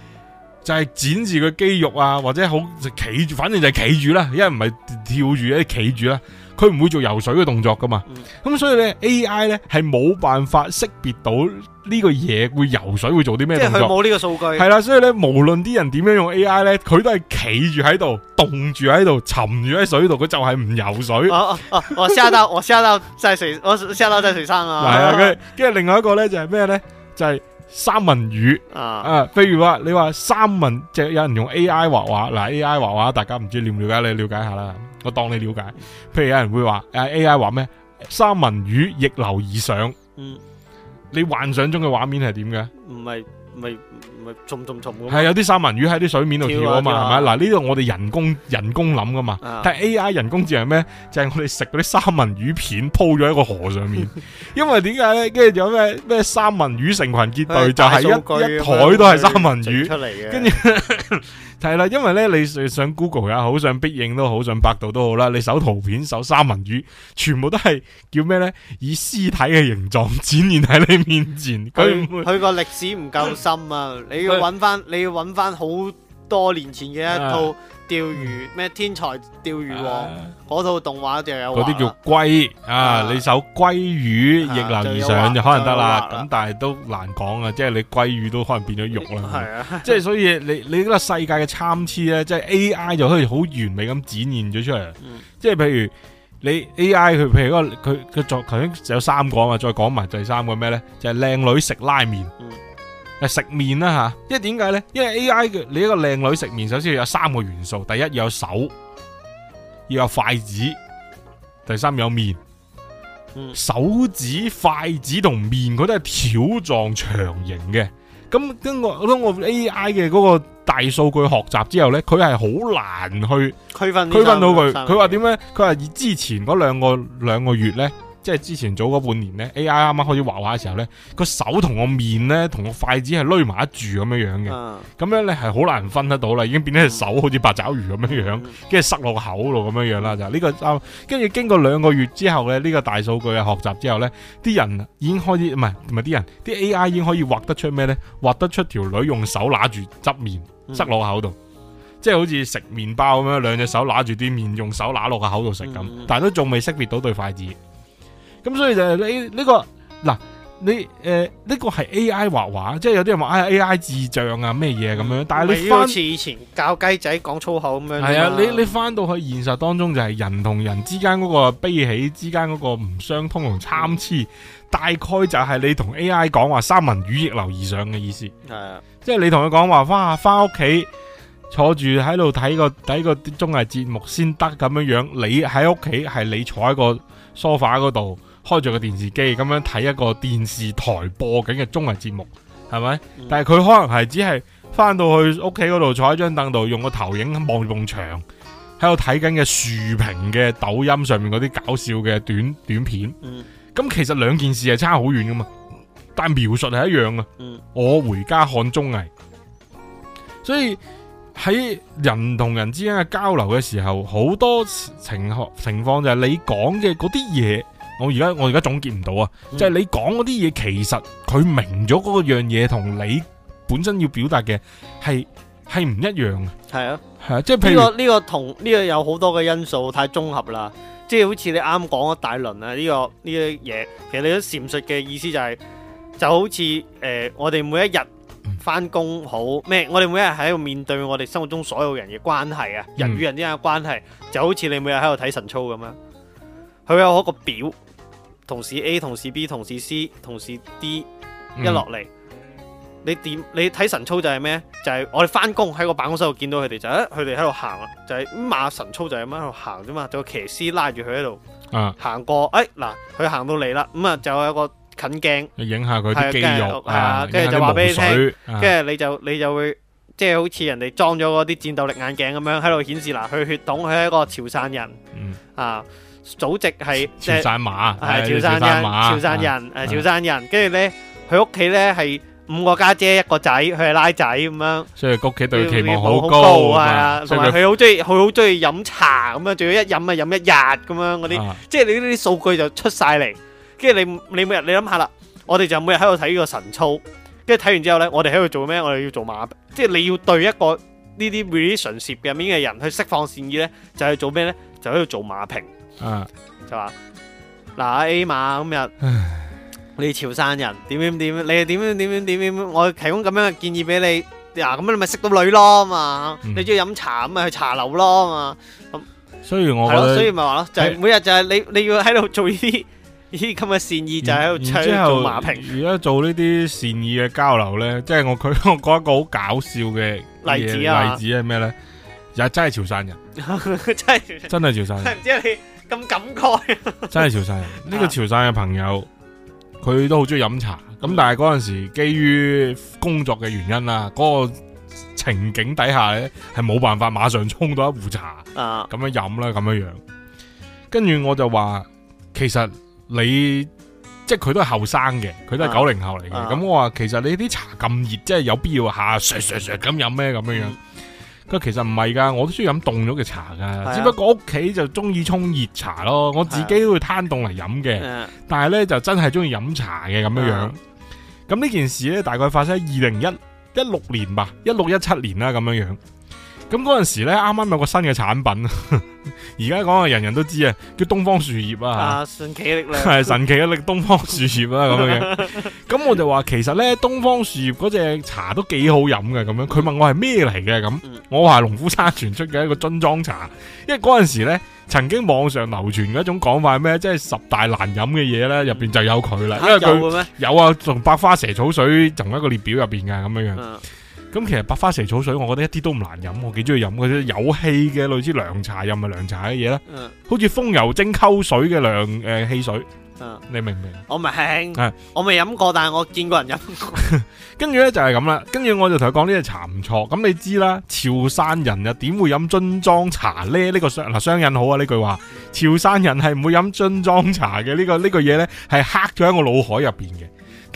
就係、是、剪住個肌肉啊，或者好就企住，反正就係企住啦，因為一唔係跳住一企住啦，佢唔會做游水嘅動作噶嘛。咁、嗯、所以咧，AI 咧係冇辦法識別到呢個嘢會游水會做啲咩動作。即係佢冇呢個數據。係啦、啊，所以咧，無論啲人點樣用 AI 咧，佢都係企住喺度，凍住喺度，沉住喺水度，佢就係唔游水。哦哦哦！我下到 我下到在水，我 s 下到在水生啊。係、嗯、啊，跟住跟住另外一個咧就係咩咧，就係、是。就是三文魚啊，啊，譬如話你話三文，即係有人用 A I 畫畫嗱，A I 畫畫，大家唔知了唔了解，你了解下啦，我當你了解。譬如有人會話，誒，A I 畫咩？三文魚逆流而上。嗯，你幻想中嘅畫面係點嘅？唔係唔係。不是重係有啲三文魚喺啲水面度跳，跳啊，跳啊啊嘛，係咪？嗱呢度我哋人工人工諗噶嘛，但係 A I 人工智能咩？就係、是、我哋食嗰啲三文魚片鋪咗喺個河上面， 因為點解咧？跟住仲有咩咩三文魚成群結隊，就係一,一台都係三文魚，跟住。 係啦，因為咧，你上 Google、啊、也好，上必應都好，上百度都好啦。你搜圖片，搜三文魚，全部都係叫咩呢？以屍體嘅形狀展現喺你面前。佢唔會佢個歷史唔夠深啊！你要揾翻，你要揾翻好多年前嘅一套。釣魚咩、嗯、天才釣魚王嗰套動畫就有嗰啲叫龜啊，啊，你首「龜、啊、魚逆流而上、啊、就，就可能得啦，咁但係都難講啊，即、就、係、是、你龜魚都可能變咗肉啦，即、嗯、係、啊就是、所以你你覺得世界嘅參差咧，即、就、係、是、A I 就可以好完美咁展現咗出嚟，即、嗯、係、就是、譬如你 A I 佢譬如嗰個佢佢再頭先有三個啊，再講埋第三個咩咧，就係、是、靚女食拉麵。嗯誒，食麵啦吓，即點解咧？因為 A.I. 嘅你一個靚女食麵，首先要有三個元素，第一要有手，要有筷子，第三有麵，嗯。手指、筷子同麵，佢都係條狀長形嘅。咁經過通過 A.I. 嘅嗰個大數據學習之後咧，佢係好難去區分，區分到佢。佢話點咧？佢話以之前嗰兩個兩個月咧。即係之前早嗰半年呢 AI 啱啱開始畫畫嘅時候呢，個手同個麵呢，同個筷子係攞埋一住咁樣樣嘅，咁樣呢，係好難分得到啦，已經變咗隻手好似八爪魚咁樣樣，跟住塞落個口度咁樣樣啦就，呢個跟住經過兩個月之後咧，呢個大數據嘅學習之後呢，啲人已經開始，唔係唔係啲人，啲 AI 已經可以畫得出咩呢？畫得出條女用手拿住執麵，塞落個口度，即係好似食麵包咁樣，兩隻手拿住啲麵，用手拿落個口度食咁，但係都仲未識別到對筷子。咁、嗯、所以就係呢呢個嗱你誒呢、呃這個係 AI 畫畫，即係有啲人話啊 AI 智障啊咩嘢咁樣，但係你翻似、嗯、以前教雞仔講粗口咁樣，係啊你你翻到去現實當中就係人同人之間嗰個悲喜之間嗰個唔相通同參差，大概就係你同 AI 講話三文魚逆流而上嘅意思，係啊，即係你同佢講話，哇翻屋企坐住喺度睇個睇個綜藝節目先得咁樣樣，你喺屋企係你坐喺個梳化嗰度。開住個電視機咁樣睇一個電視台播緊嘅綜藝節目，係咪？嗯、但係佢可能係只係翻到去屋企嗰度坐喺張凳度，用個投影望住牆，喺度睇緊嘅豎屏嘅抖音上面嗰啲搞笑嘅短短片。咁、嗯、其實兩件事係差好遠噶嘛，但描述係一樣啊。嗯、我回家看綜藝，所以喺人同人之間嘅交流嘅時候，好多情情況就係你講嘅嗰啲嘢。我而家我而家總結唔到啊！就係你講嗰啲嘢，其實佢明咗嗰個樣嘢，同你本身要表達嘅，係係唔一樣嘅。係啊，係啊，即係譬如呢個呢個同呢個有好多嘅因素，太綜合啦。即係好似你啱講一大輪啊，呢個呢啲嘢，其實你都闡述嘅意思就係就好似誒，我哋每一日翻工好咩？我哋每一日喺度面對我哋生活中所有人嘅關係啊，人與人之間嘅關係，就好似你每日喺度睇神操咁樣，佢有嗰個表。同事 A、同事 B、同事 C、同事 D 一落嚟、嗯，你點？你睇神操就係咩？就係、是、我哋翻工喺個辦公室度見到佢哋就，誒，佢哋喺度行啊，就係、是就是、馬神操就咁喺度行啫嘛，就騎師拉住佢喺度行過，誒、哎，嗱，佢行到你啦，咁、嗯、啊就有一個近鏡，影下佢肌肉啊，跟住、啊、就話俾你聽，跟、啊、住你就你就會即係、啊就是、好似人哋裝咗嗰啲戰鬥力眼鏡咁樣喺度顯示，嗱，佢血統佢係一個潮汕人、嗯，啊。祖籍係即係潮汕嘛？係潮汕人，潮汕人，誒潮汕人，跟住咧佢屋企咧係五個家姐一個仔，佢係拉仔咁樣、啊，所以屋企對佢期望好高啊。同埋佢好中意，佢好中意飲茶咁樣，仲要一飲啊飲一日咁樣嗰啲，即係你呢啲數據就出晒嚟。跟住你你每日你諗下啦，我哋就每日喺度睇呢個神操，跟住睇完之後咧，我哋喺度做咩？我哋要做馬，即係你要對一個。呢啲 relationship 入面嘅人去釋放善意咧，就係做咩咧？就喺度做馬評、啊，就話嗱、啊、A 馬今日，你潮汕人點點點，你係點點點點點，我提供咁樣嘅建議俾你，嗱咁樣你咪識到女咯嘛，嗯、你中意飲茶咁咪去茶樓咯嘛，咁雖然我，所以咪話咯，就係、是、每日就係你你要喺度做呢啲。咦，咁嘅善意就喺度吹做馬屁。而家做呢啲善意嘅交流咧，即、就、係、是、我佢，我講一個好搞笑嘅例子啊！例子係咩咧？又真係潮汕人， 真係潮汕人，真係潮汕。唔知你咁感慨，真係潮汕人。呢、啊、個潮汕嘅朋友，佢都好中意飲茶。咁、啊、但係嗰陣時，基於工作嘅原因啦，嗰、那個情景底下咧，係冇辦法馬上沖到一壺茶啊，咁樣飲啦，咁樣樣。跟住我就話，其實。你即係佢都係後生嘅，佢都係九零後嚟嘅。咁我話其實你啲茶咁熱，即係有必要下唰唰唰咁飲咩咁樣樣？佢、嗯、其實唔係噶，我都中意飲凍咗嘅茶噶、啊，只不過屋企就中意沖熱茶咯。我自己都會攤凍嚟飲嘅，但係咧就真係中意飲茶嘅咁樣樣。咁、啊、呢件事咧大概發生喺二零一一六年吧，一六一七年啦咁樣樣。咁嗰陣時咧，啱啱有個新嘅產品，而家講係人人都知啊，叫東方樹葉啊，啊，神奇力係 神奇嘅力東方樹葉啦，咁樣，咁我就話其實咧，東方樹葉嗰隻茶都幾好飲嘅，咁樣佢問我係咩嚟嘅，咁、嗯、我話農夫山泉出嘅一個樽裝茶，因為嗰陣時咧，曾經網上流傳一種講法咩，即係十大難飲嘅嘢咧，入邊就有佢啦、啊，因為佢有，有啊，同百花蛇草水同一個列表入邊㗎。咁樣樣。嗯咁其實白花蛇草水，我覺得一啲都唔難飲，我幾中意飲嘅啫，有氣嘅類似涼茶又唔係涼茶嘅嘢啦，嗯、好似風油精溝水嘅涼誒汽水，嗯、你明唔明？我明，係、嗯、我未飲過，但係我見過人飲、 就是。跟住咧就係咁啦，跟住我就同佢講呢啲茶唔錯。咁你知啦，潮汕人又點會飲樽裝茶咧？呢、這個雙嗱雙引好啊！呢句話，潮汕人係唔會飲樽裝茶嘅。這個這個、東西呢是黑在個呢個嘢咧係刻咗喺我腦海入邊嘅。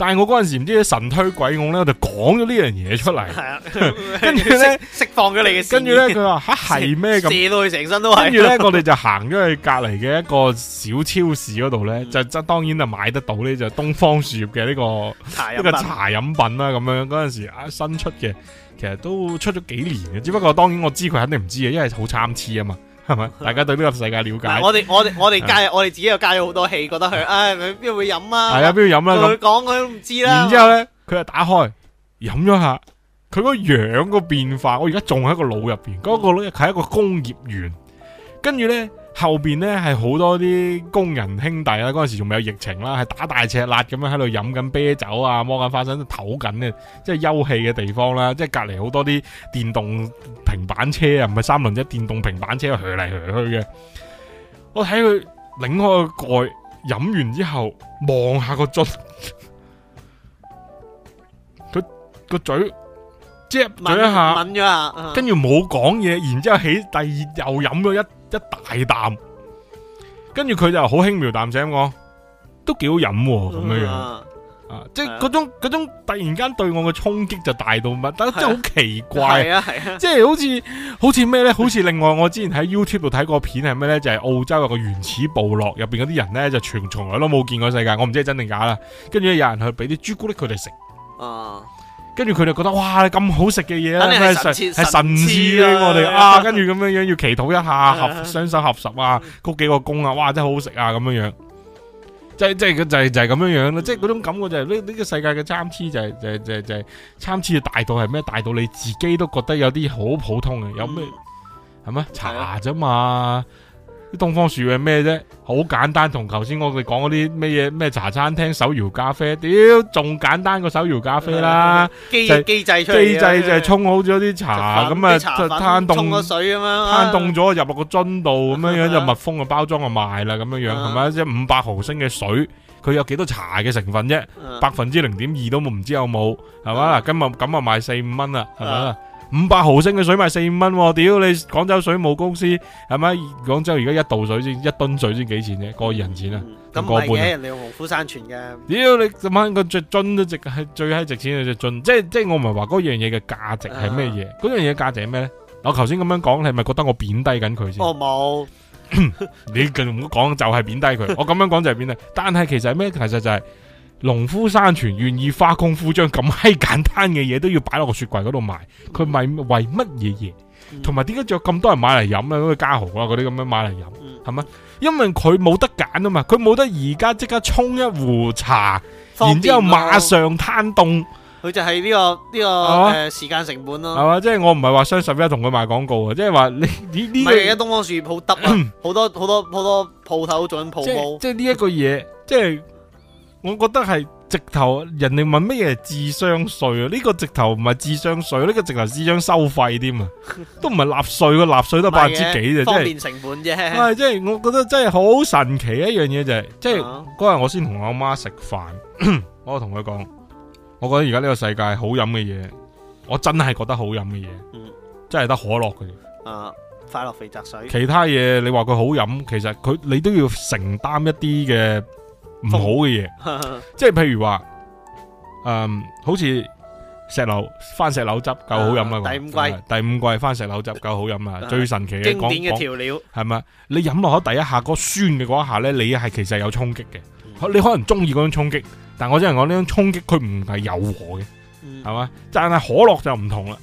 但係我嗰陣時唔知神推鬼我咧，我就講咗、啊、 呢，呢、啊、樣嘢出嚟，跟住咧釋放咗你嘅，跟住咧佢話吓係咩咁射到成身都，跟住咧我哋就行咗去隔籬嘅一個小超市嗰度咧，就，就當然就買得到呢就東方樹葉嘅呢個呢 個茶飲品啦、啊、咁樣。嗰陣時啊新出嘅，其實都出咗幾年嘅，只不過當然我知佢肯定唔知嘅，因為好參差啊嘛。係咪？ 大家對呢個世界了解？我哋我哋我哋加我哋自己又加咗好多戲，覺得佢唉邊會飲啊？係啊，邊會飲啊？佢講佢都唔知啦。然之後咧，佢就打開飲咗下，佢個樣個變化，我而家仲喺個腦入邊嗰個係一個工業園，跟住咧。後邊呢係好多啲工人兄弟呀，嗰陣時仲未有疫情啦，係打大赤辣咁樣喺度飲緊啤酒啊，摸緊花生唞緊嘅，即係休憩嘅地方啦。即係隔籬好多啲電動平板車啊，唔係三輪車，電動平板車去嚟去嘅。我睇佢擰開個蓋，飲完之後望下個樽，佢 個嘴即接咗一下，跟住冇講嘢，然之後,後起第二又飲咗一。一大啖，跟住佢就好輕描淡寫咁講，都幾好飲咁樣樣，嗯啊、即係嗰種、啊、種突然間對我嘅衝擊就大到乜，啊、但真係好奇怪，啊啊、即係好似好似咩呢？好似另外我之前喺 YouTube 度睇過片係咩呢？就係、是、澳洲有個原始部落入邊嗰啲人呢，就全從來都冇見過世界，我唔知係真定假啦，跟住有人去俾啲朱古力佢哋食。嗯跟住佢就覺得哇，咁好食嘅嘢，係神賜神賜嘅我哋啊！跟住咁樣樣要祈禱一下，合雙手合十啊，鞠幾個躬啊，哇真係好好食啊！咁樣樣，即係即係就係就係咁樣樣啦，即係嗰種感覺就係呢呢個世界嘅參差就係就係就係就係參差嘅大道係咩？大道你自己都覺得有啲好普通嘅，有咩係咩茶啫嘛？啲東方樹係咩啫？好簡單，同頭先我哋講嗰啲咩嘢咩茶餐廳手搖咖啡，屌仲簡單過手搖咖啡啦！機機、就是、制機制就係沖好咗啲茶，咁啊攤凍水，攤凍咗入落個樽度，咁樣樣就密封嘅包裝就賣啦，咁、啊、樣樣係咪即五百毫升嘅水，佢有幾多茶嘅成分啫？百分之零點二都唔知有冇，係、啊、嘛？嗱，今日咁啊賣四五蚊啦，係嘛？五百毫升嘅水賣四蚊，哦，屌你廣州水務公司係咪？廣州而家一倒水先，一噸水先幾錢啫？個人錢啊，嗯、過半啊！咁唔係人哋用農夫山泉嘅。屌你咁蚊個隻樽都值，係最係值錢嘅樽。即係即係我唔係話嗰樣嘢嘅價值係咩嘢？嗰、啊、樣嘢價值係咩咧？我頭先咁樣講，你係咪覺得我貶低緊佢先？我冇， 你咁講就係貶低佢。 我咁樣講就係貶低，但係其實咩？其實就係、是。農夫山泉願意花功夫將咁閪簡單嘅嘢都要擺落個雪櫃嗰度賣，佢咪為乜嘢嘢？同埋點解仲有咁多人買嚟飲咧？嗰個嘉豪啊，嗰啲咁樣買嚟飲係咪，嗯？因為佢冇得揀啊嘛，佢冇得而家即刻沖一壺茶，然之後馬上攤凍。佢就係呢、這個呢、這個誒、啊呃、時間成本咯。係嘛？即係我唔係話雙十一同佢賣廣告，這個、啊， 即係話你呢呢嘢。個東方樹葉好得啊，好多好多好多鋪頭做緊 promo 即係呢一個嘢，即係。我覺得係直頭，人哋問咩嘢係智商稅啊？呢、這個直頭唔係智商稅，呢、這個直頭智商收費添啊！都唔係納稅，個納稅得百分之幾啫，即係方便成本啫。係即係，我覺得真係好神奇一樣嘢就係、是，即係嗰日我先同我媽食飯，我同佢講，我覺得而家呢個世界好飲嘅嘢，我真係覺得好飲嘅嘢，真係得可樂嘅，啊，快樂肥宅水，其他嘢你話佢好飲，其實佢你都要承擔一啲嘅。唔好嘅嘢， 即係譬如話，嗯，好似石榴番石榴汁夠好飲啊，第五季係咪，第五季番石榴汁夠好飲啊，最神奇嘅經典嘅調料係咪？你飲落喺第一下嗰、那個、酸嘅嗰一下咧，你係其實有衝擊嘅。你可能中意嗰種衝擊，但我只能講呢種衝擊佢唔係柔和嘅，係、嗯、嘛？但係可樂就唔同啦，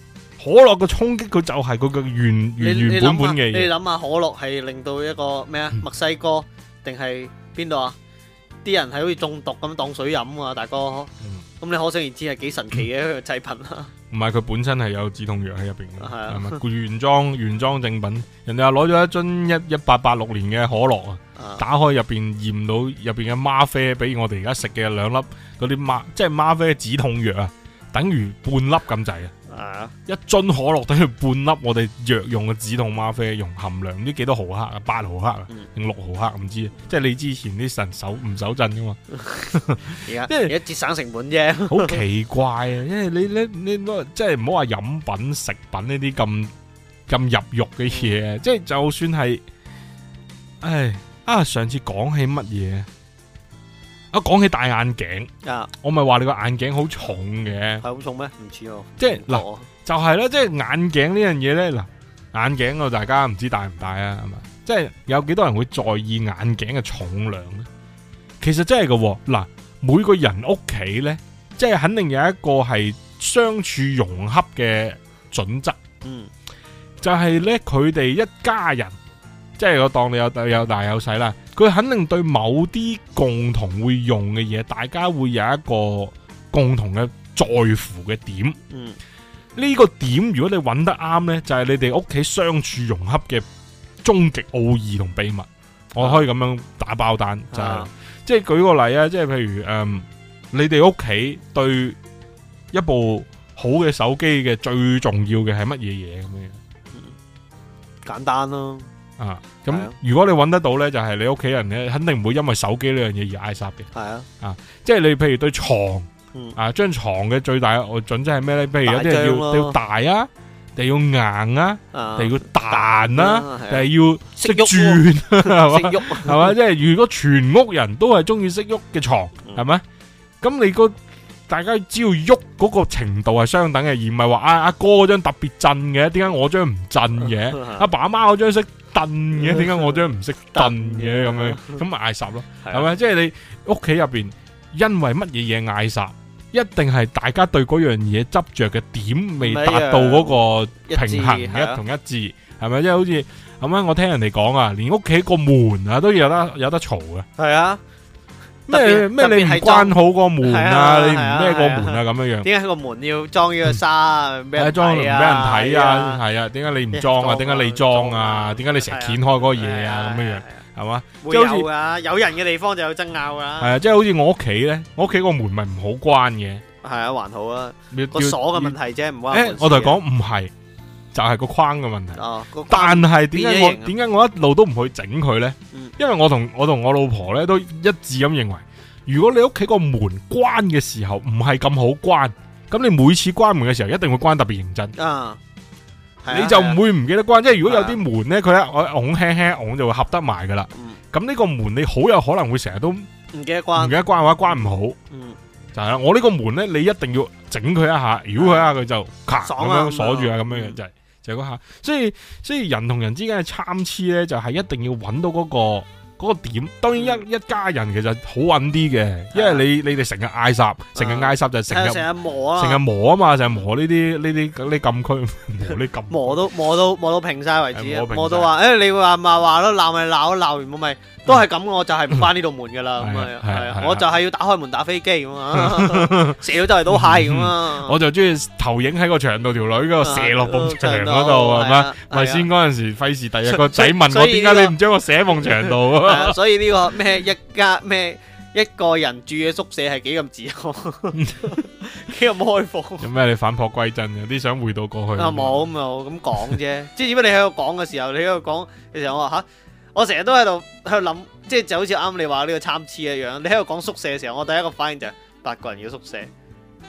可樂嘅衝擊佢就係佢嘅原、嗯、原原本本嘅。你諗下可樂係令到一個咩啊？墨西哥定係邊度啊？嗯啲人係好似中毒咁當水飲啊，大哥。咁、嗯、你可想而知係幾神奇嘅一、嗯、製品啦。唔係佢本身係有止痛藥喺入邊嘅，係啊係係咪，原裝 原裝正品。人哋話攞咗一樽一一八八六年嘅可樂啊，打開入邊驗到入邊嘅嗎啡，比我哋而家食嘅兩粒嗰啲嗎，即係嗎啡止痛藥啊，等於半粒咁滯啊！啊、uh.，一樽可樂等於半粒我哋藥用嘅止痛嗎啡用，用含量唔知幾多毫克啊，八毫克啊，定、嗯、六毫克唔知，即係你之前啲神手唔手震噶嘛？即係而家節省成本啫，好 奇怪啊！因為你你你，你即係唔好話飲品、食品呢啲咁咁入肉嘅嘢，即係就算係，唉啊，上次講起乜嘢？一講起戴眼鏡、yeah.，我咪話你個眼鏡好重嘅，係好重咩？唔似哦，即係嗱，就係啦，即係眼鏡呢樣嘢咧，嗱，眼鏡個大家唔知戴唔戴啊，係嘛，即係有幾多人會在意眼鏡嘅重量咧？其實真係嘅、啊，嗱，每個人屋企咧，即係肯定有一個係相處融洽嘅準則，嗯，就係咧佢哋一家人。即係我當你有大有大有細啦，佢肯定對某啲共同會用嘅嘢，大家會有一個共同嘅在乎嘅點。嗯，呢、這個點如果你揾得啱呢，就係、是、你哋屋企相處融合嘅終極奧義同秘密、嗯。我可以咁樣打包單，就係、是啊、即係舉個例啊，即係譬如誒、嗯，你哋屋企對一部好嘅手機嘅最重要嘅係乜嘢嘢咁樣？簡單咯。啊，咁、嗯啊、如果你揾得到咧，就係、是、你屋企人咧，肯定唔會因為手機呢樣嘢而嗌霎嘅。係啊，啊，即係你譬如對床，嗯、啊張床嘅最大我準則係咩咧？譬如一定要大要大啊，定要硬啊，定要彈啊，定要識轉、啊，識、啊、喐，係嘛、啊啊啊啊？ 即係如果全屋人都係中意識喐嘅床，係、嗯、咪？咁你、那個大家只要喐嗰個程度係相等嘅，而唔係話啊阿哥嗰張特別震嘅，點解我張唔震嘅？阿、 啊、爸阿媽嗰張識。頓嘅，點解我張唔識頓嘅咁樣，咁咪嗌霎咯，係咪？啊、即係你屋企入邊，因為乜嘢嘢嗌霎，一定係大家對嗰樣嘢執着嘅點未達到嗰個平衡，嗯嗯一啊、同一致，係咪？即係好似咁樣！我聽人哋講啊，連屋企個門啊都有得有得嘈嘅，係啊。咩咩？你唔關好個門啊！你唔咩個門啊？咁樣樣，點解個門要裝呢個紗？裝門俾人睇啊！係啊，點解你唔裝啊？點解你裝啊？點解你成日掀開嗰嘢啊？咁樣樣係嘛？會有噶，有人嘅地方就有爭拗噶。係啊，即係好似我屋企咧，我屋企個門咪唔好關嘅。係啊，還好啦，個鎖嘅問題啫，唔關。誒，我同你講唔係。就係、是、個框嘅問題，哦、但係點解我點解我一路都唔去整佢呢？嗯、因為我同我同我老婆咧都一致咁認為，如果你屋企個門關嘅時候唔係咁好關，咁你每次關門嘅時候一定會關特別認真。啊啊、你就唔會唔記得關，即係、啊啊、如果有啲門咧，佢一拱輕輕拱就會合得埋噶啦。咁、嗯、呢個門你好有可能會成日都唔記得關，如果關嘅話關唔好。嗯、就係、是、啦，我呢個門咧你一定要整佢一下，如果佢一下佢就咔咁、啊、樣鎖住啊咁樣啊樣就係嗰下，所以所以人同人之間嘅參差咧，就係一定要揾到嗰個嗰個點。當然一一家人其實好揾啲嘅，因為你你哋成日嗌閂，成日嗌閂就成日成日磨啊，成日磨啊嘛，成日磨呢啲呢啲咁禁區，磨你禁磨到磨到磨到平晒為止磨到、欸、話，誒你會話咪話咯，鬧咪鬧，鬧完我咪。都係咁，我就係唔翻呢度門噶啦，咁係、啊，係啊，啊，啊，啊，啊，我就係要打開門打飛機咁啊，射就嚟到蟹咁啊，我就中意投影喺個牆度條女嗰個射落埲牆度係咪？咪、啊啊啊啊啊、先嗰陣時費事第一個仔問我點解你唔將個射放牆度，所以呢、這個咩、這個 啊這個、一家咩一個人住嘅宿舍係幾咁自由，幾 咁開放。有咩你反璞歸真有啲想回到過去啊？冇咪咁講啫，即係點解你喺度講嘅時候，你喺度講嘅時候我話吓。我成日都喺度喺度諗，即係就好似啱你話呢個參差一樣。你喺度講宿舍嘅時候，我第一個反應就係，八個人嘅宿舍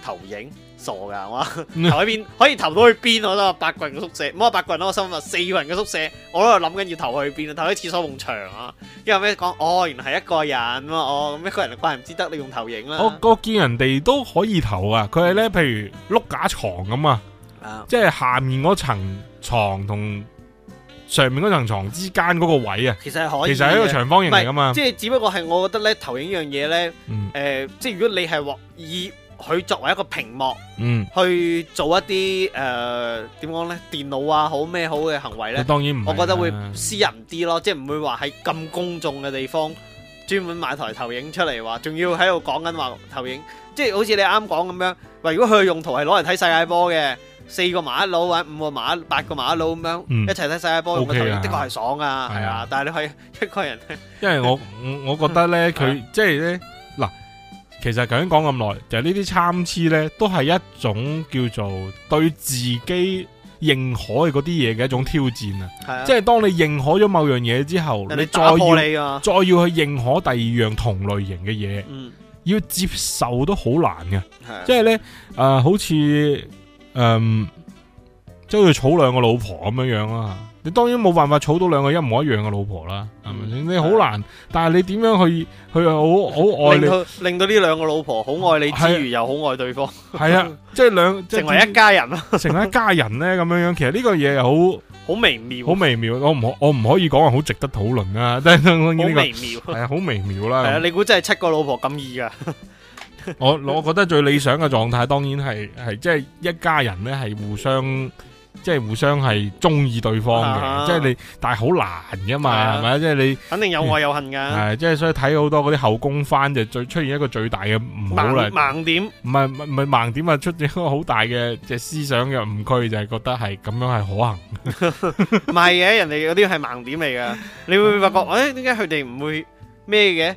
投影，傻噶，哇，嗯！投去邊可以投到去邊？我都話八個人嘅宿舍，唔好八個人，我心諗四個人嘅宿舍，我喺度諗緊要投去邊啊，投喺廁所埲牆啊。之後咩講哦，原來係一個人，哦咁一個人怪唔知得你用投影啦。我我見人哋都可以投啊，佢係咧，譬如碌架床咁啊，即係下面嗰層床同。上面嗰層床之間嗰個位啊，其實係可以，其實係一個長方形嚟噶嘛。即係只不過係我覺得咧，投影樣嘢咧，誒、嗯呃，即係如果你係話以佢作為一個屏幕，嗯，去做一啲誒點講咧，電腦啊什麼好咩好嘅行為咧，當然、啊、我覺得會私人啲咯，即係唔會話喺咁公眾嘅地方專門買台投影出嚟話，仲要喺度講緊話投影，即係好似你啱講咁樣。喂，如果佢用途係攞嚟睇世界波嘅？四個馬一佬玩五個馬，八個馬一佬咁樣、嗯、一齊睇世界波，okay、的確係爽啊，係啊！但係你可以一個人，因為我 我覺得咧，佢、嗯、即係咧嗱，其實究竟講咁耐，就呢啲參差咧，都係一種叫做對自己認可嘅嗰啲嘢嘅一種挑戰啊！即係當你認可咗某樣嘢之後的，你再要你再要去認可第二樣同類型嘅嘢、嗯，要接受都好難嘅，即係咧，誒、呃，好似。嗯，即係要儲兩個老婆咁樣樣、啊、啦，你當然冇辦法儲到兩個一模一樣嘅老婆啦，係咪先？你好難，嗯，但係你點樣去去好好愛你，令，令到呢兩個老婆好愛你之餘、啊，又好愛對方。係啊，即係兩成為一家人咯，成為一家人咧咁樣樣。其實呢個嘢好好微妙，好微妙。我唔我唔可以講係好值得討論啊，好、這個、微妙，係啊，好微妙啦。係啊，你估真係七個老婆咁易噶？ 我我覺得最理想嘅狀態，當然係係即係一家人咧，係互相即係、就是、互相係中意對方嘅。即、uh、係 -huh. 你，但係好難㗎嘛，係咪即係你肯定有愛有恨㗎。係即係所以睇好多嗰啲後宮番就最出現一個最大嘅盲盲點，唔係唔係盲點啊，出現一個好大嘅即係思想嘅誤區，就係、是、覺得係咁樣係可行。唔係嘅，人哋嗰啲係盲點嚟㗎。你會唔會發覺誒，點解佢哋唔會咩嘅？什麼的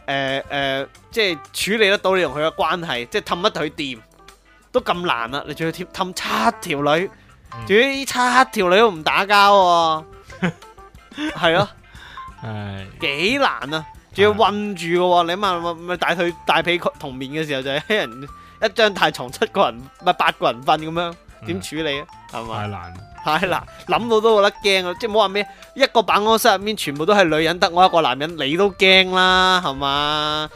誒、呃、誒、呃，即係處理得到你同佢嘅關係，即係氹一腿掂都咁難啦！你仲要貼氹七條女，仲要呢七條女都唔打交，係咯，係幾難啊！仲要，嗯啊嗯 啊啊、要困住嘅、啊嗯，你問咪咪帶佢大髀同面嘅時候就，就係一人一張大床，七個人咪八個人瞓咁樣，點處理啊？係、嗯、咪？太難係啦，諗到都覺得驚啊！即係冇話咩，一個辦公室入面全部都係女人，得我一個男人，你都驚啦，係嘛？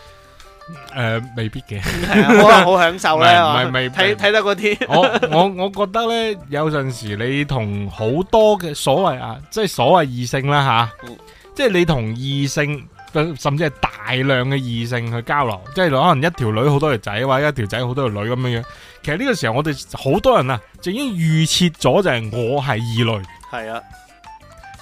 誒、呃，未必嘅， 係啊，可能好享受咧。唔係唔睇睇得嗰啲。我我我覺得咧，有陣時你同好多嘅所謂啊，即係所謂異性啦吓，即係你同異性，甚至係大量嘅異性去交流，即係可能一條女好多條仔，或者一條仔好多條女咁樣樣。其實呢個時候我哋好多人啊，就已經預設咗就係我係異類。係啊，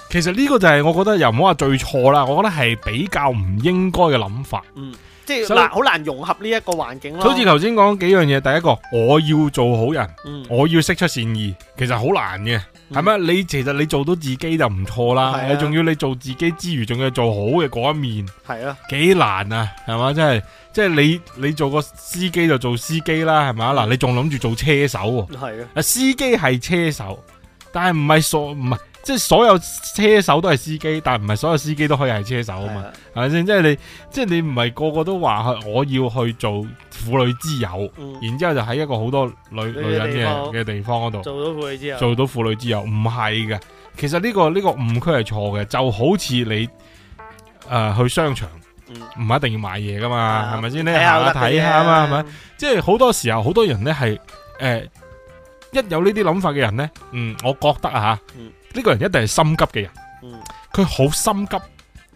其實呢個就係我覺得又唔好話最錯啦，我覺得係比較唔應該嘅諗法。嗯，即係好難融合呢一個環境咯。好似頭先講幾樣嘢，第一個我要做好人，嗯、我要釋出善意，其實好難嘅。係咩、嗯？你其實你做到自己就唔錯啦。你仲、啊、要你做自己之餘，仲要做好嘅嗰一面。係啊，幾難啊，係嘛？真係，即係，即係，你你做個司機就做司機啦，係咪？嗱，你仲諗住做車手？係啊。啊，司機係車手，但係唔係傻，唔係。即係所有車手都係司機，但係唔係所有司機都可以係車手啊嘛，係咪先？即係你，即係你唔係個個都話我要去做婦女之友，嗯，然之後就喺一個好多女，女人嘅地方嗰度，做到婦女之友，做到婦女之友唔係嘅。其實呢個呢個誤區係錯嘅，就好似你誒去商場，唔係一定要買嘢噶嘛，係咪先？你行下睇下啊嘛，係咪？即係好多時候，好多人呢係誒一有呢啲諗法嘅人呢，嗯，我覺得啊吓。嗯呢個人一定係心急嘅人，佢好心急，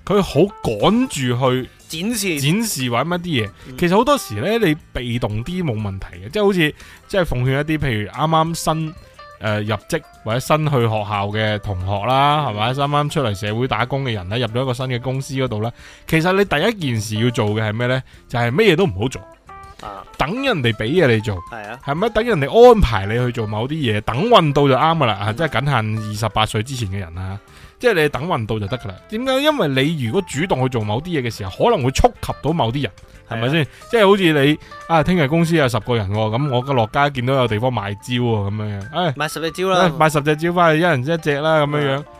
佢好趕住去展示展示或者乜啲嘢。其實好多時呢，你被動啲冇問題嘅，即係好似即係奉勸一啲，譬如啱啱新誒、呃、入職或者新去學校嘅同學啦，係、嗯、咪？啱啱出嚟社會打工嘅人咧，入到一個新嘅公司嗰度咧，其實你第一件事要做嘅係咩呢？就係咩嘢都唔好做。啊、等人哋俾嘢你做，係啊，係咪等人哋安排你去做某啲嘢？等運到就啱噶啦，即係僅限二十八歲之前嘅人啊，即係、啊、你等運到就得噶啦。點解？因為你如果主動去做某啲嘢嘅時候，可能會觸及到某啲人，係咪先？即係好似你啊，聽日公司有十個人，咁我個落街見到有地方賣蕉喎。咁樣，誒，賣十隻蕉啦，賣十隻蕉翻去一人一隻啦，咁樣樣。啊。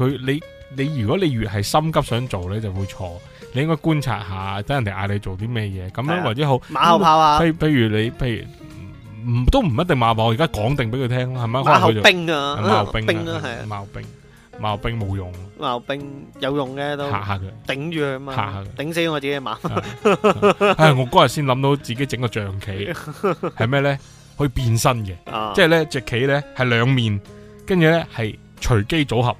佢你你如果你越係心急想做咧，你就會錯。你應該觀察下，等人哋嗌你做啲咩嘢，咁樣、啊、或者好馬後炮啊。比如，比如你，譬如唔都唔一定馬後炮。我而家講定俾佢聽，係咪？馬後兵啊，馬後兵啊，係馬後兵，啊啊兵，嗯、兵，馬後兵冇用，啊啊。馬後兵，兵，啊、兵有用嘅都，頂住佢啊嘛，頂死我自己嘅馬、啊。係、 啊啊，我嗰日先諗到自己整個象棋，係咩咧？可以變身嘅、啊，即係咧隻棋咧係兩面，跟住咧係隨機組合。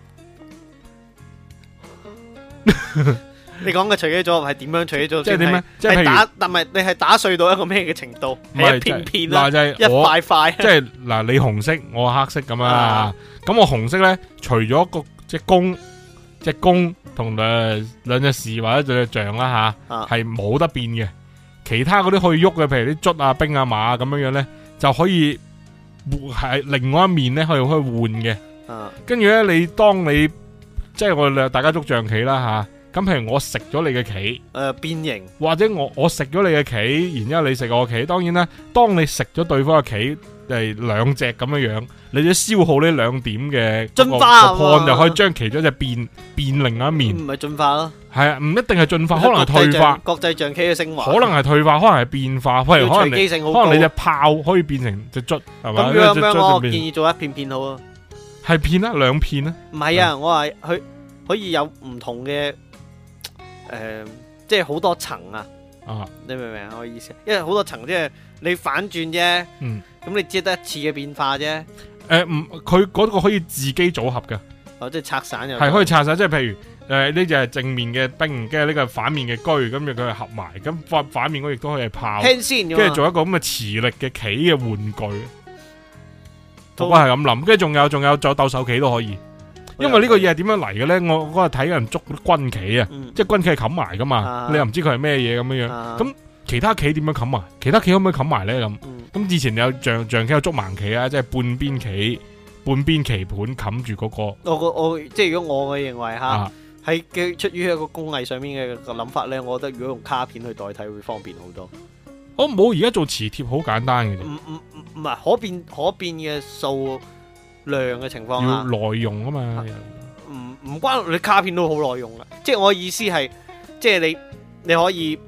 你講嘅隨機組合係點樣隨機組合？即係點咩？即係打，但係你係打碎到一個咩嘅程度？係一片片啊，就係、是、一塊塊。即係嗱，你紅色，我黑色咁啊。咁我紅色咧，除咗個隻弓、隻弓同誒兩隻士或者兩隻象啦吓，係冇得變嘅。其他嗰啲可以喐嘅，譬如啲卒啊、兵啊、馬咁、啊、樣樣咧，就可以換係另外一面咧可以可以換嘅。跟住咧，你當你。即係我哋大家捉象棋啦吓，咁譬如我食咗你嘅棋，誒、呃，變形或者我我食咗你嘅棋，然之後你食我嘅棋，當然啦，當你食咗對方嘅棋，係兩隻咁樣樣，你就消耗呢兩點嘅進化。o 就可以將其中一隻變變另一面，唔係進化咯，係啊，唔一定係進化，可能係退化，國際象棋嘅升華，可能係退化，可能係變化，可能可能你隻炮可以變成隻卒，係咪？我建議做一片片好啊，係片啊，兩片啊，唔係啊，嗯、我話佢。可以有唔同嘅誒、呃，即係好多層啊！啊、uh -huh.，你明唔明我意思？因為好多層，即係你反轉啫。嗯，咁你只得一次嘅變化啫。誒、呃，唔，佢嗰個可以自己組合嘅。哦，即係拆散又係可以拆散。即係譬如誒，呢隻係正面嘅兵，跟住呢個係反面嘅居，咁樣佢係合埋。咁反反面我亦都可以係炮。跟住做一個咁嘅磁力嘅棋嘅玩具，都係咁諗。跟住仲有仲有再鬥手棋都可以。因為這個東西是來的呢個嘢係點樣嚟嘅咧？我嗰日睇有人捉嗰軍棋啊、嗯，即係軍棋係冚埋噶嘛、啊，你又唔知佢係咩嘢咁樣樣。咁、啊、其他棋點樣冚埋？其他棋可唔可以冚埋咧？咁、嗯、咁以前有象象棋有捉盲棋啊，即、就、係、是、半邊棋、嗯、半邊棋盤冚住嗰、那個。我我即係如果我嘅認為吓，係基出於一個工藝上面嘅個諗法咧，我覺得如果用卡片去代替會方便好多。我冇而家做磁貼好簡單嘅，唔唔唔係可變可變嘅數。量嘅情況啦，要耐用啊嘛，唔、啊、唔關你卡片都好耐用啦，即係我意思係，即係你你可以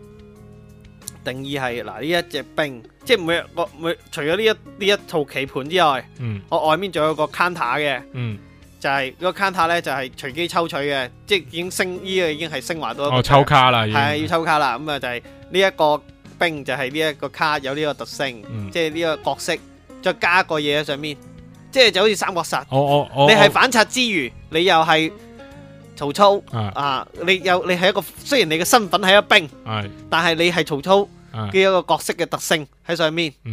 定義係嗱呢一隻冰，即係每一每除咗呢一呢一套棋盤之外，我、嗯、外面仲有個 counter 嘅、嗯，就係、是、個 counter 咧就係、是、隨機抽取嘅，即係已經升呢、呢個已經係升華到，哦抽卡啦，係要抽卡啦，咁啊就係呢一個冰，就係呢一個卡，有呢個特性，即係呢個角色再加個嘢喺上面。即係就好似三國殺、oh, oh, oh, oh，你係反賊之餘，你又係曹操啊！你又你係一個雖然你嘅身份係一兵，uh, 但係你係曹操嘅一個角色嘅特性喺上面。咁、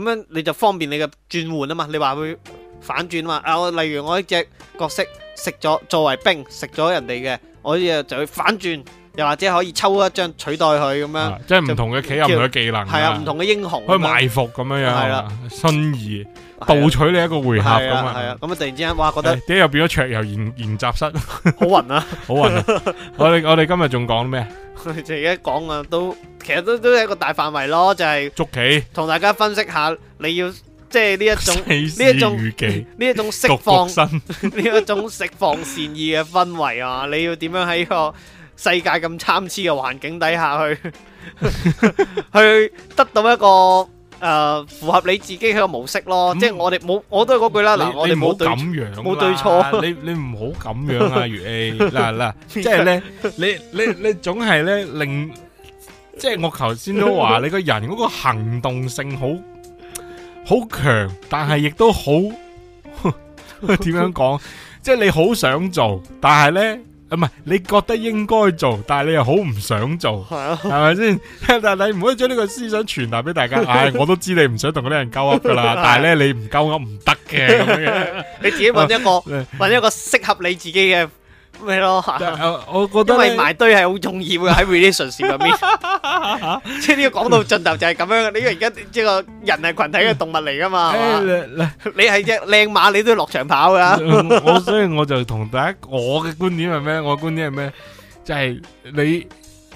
uh, um, 樣你就方便你嘅轉換啊嘛！你話會反轉啊嘛啊！例如我呢隻角色食咗作為兵，食咗人哋嘅，我呢隻就會反轉。又或者可以抽一張取代佢咁樣，即係唔同嘅棋入面嘅技能，係啊，唔、啊、同嘅英雄，可以埋伏咁樣、啊、樣，係啦、啊，善意盜、啊、取你一個回合咁啊，係啊，咁啊，突然之間哇，覺得點、哎、又變咗桌遊研研習室，好暈啊， 好暈暈啊！ 我哋我哋今日仲講咩？即就而家講啊，都其實都都係一個大範圍咯，就係、是、捉棋，同大家分析下你要即係呢一種呢一種呢一種釋放呢 一種釋放善意嘅氛圍啊！ 你要點樣喺個？世界咁參差嘅環境底下去，去得到一個誒符合你自己嘅模式咯。即係我哋冇，我都係嗰句啦。嗱，我哋冇咁樣，冇對錯。你你唔好咁樣啊，月 A 嗱嗱，即係咧，你你你總係咧令，即係我頭先都話你個人嗰個行動性好好強，但係亦都好點樣講？即係你好想做，但係咧。唔係，你覺得應該做，但係你又好唔想做，係咪先？ 但係你唔可以將呢個思想傳達俾大家。唉、 哎，我都知你唔想同嗰啲人勾的 勾噶啦，但係咧你唔勾勾唔得嘅，咁樣。你自己揾一個，揾 一個適合你自己嘅。咩咯？我覺得你埋堆係好重要嘅，喺 relationships 入面，即係呢個講到盡頭就係咁樣嘅。因為而家即係個人係羣體嘅動物嚟噶嘛，你係隻靚馬，你都要落場跑噶。我所以我就同大家，我嘅觀點係咩？我嘅觀點係咩？就係你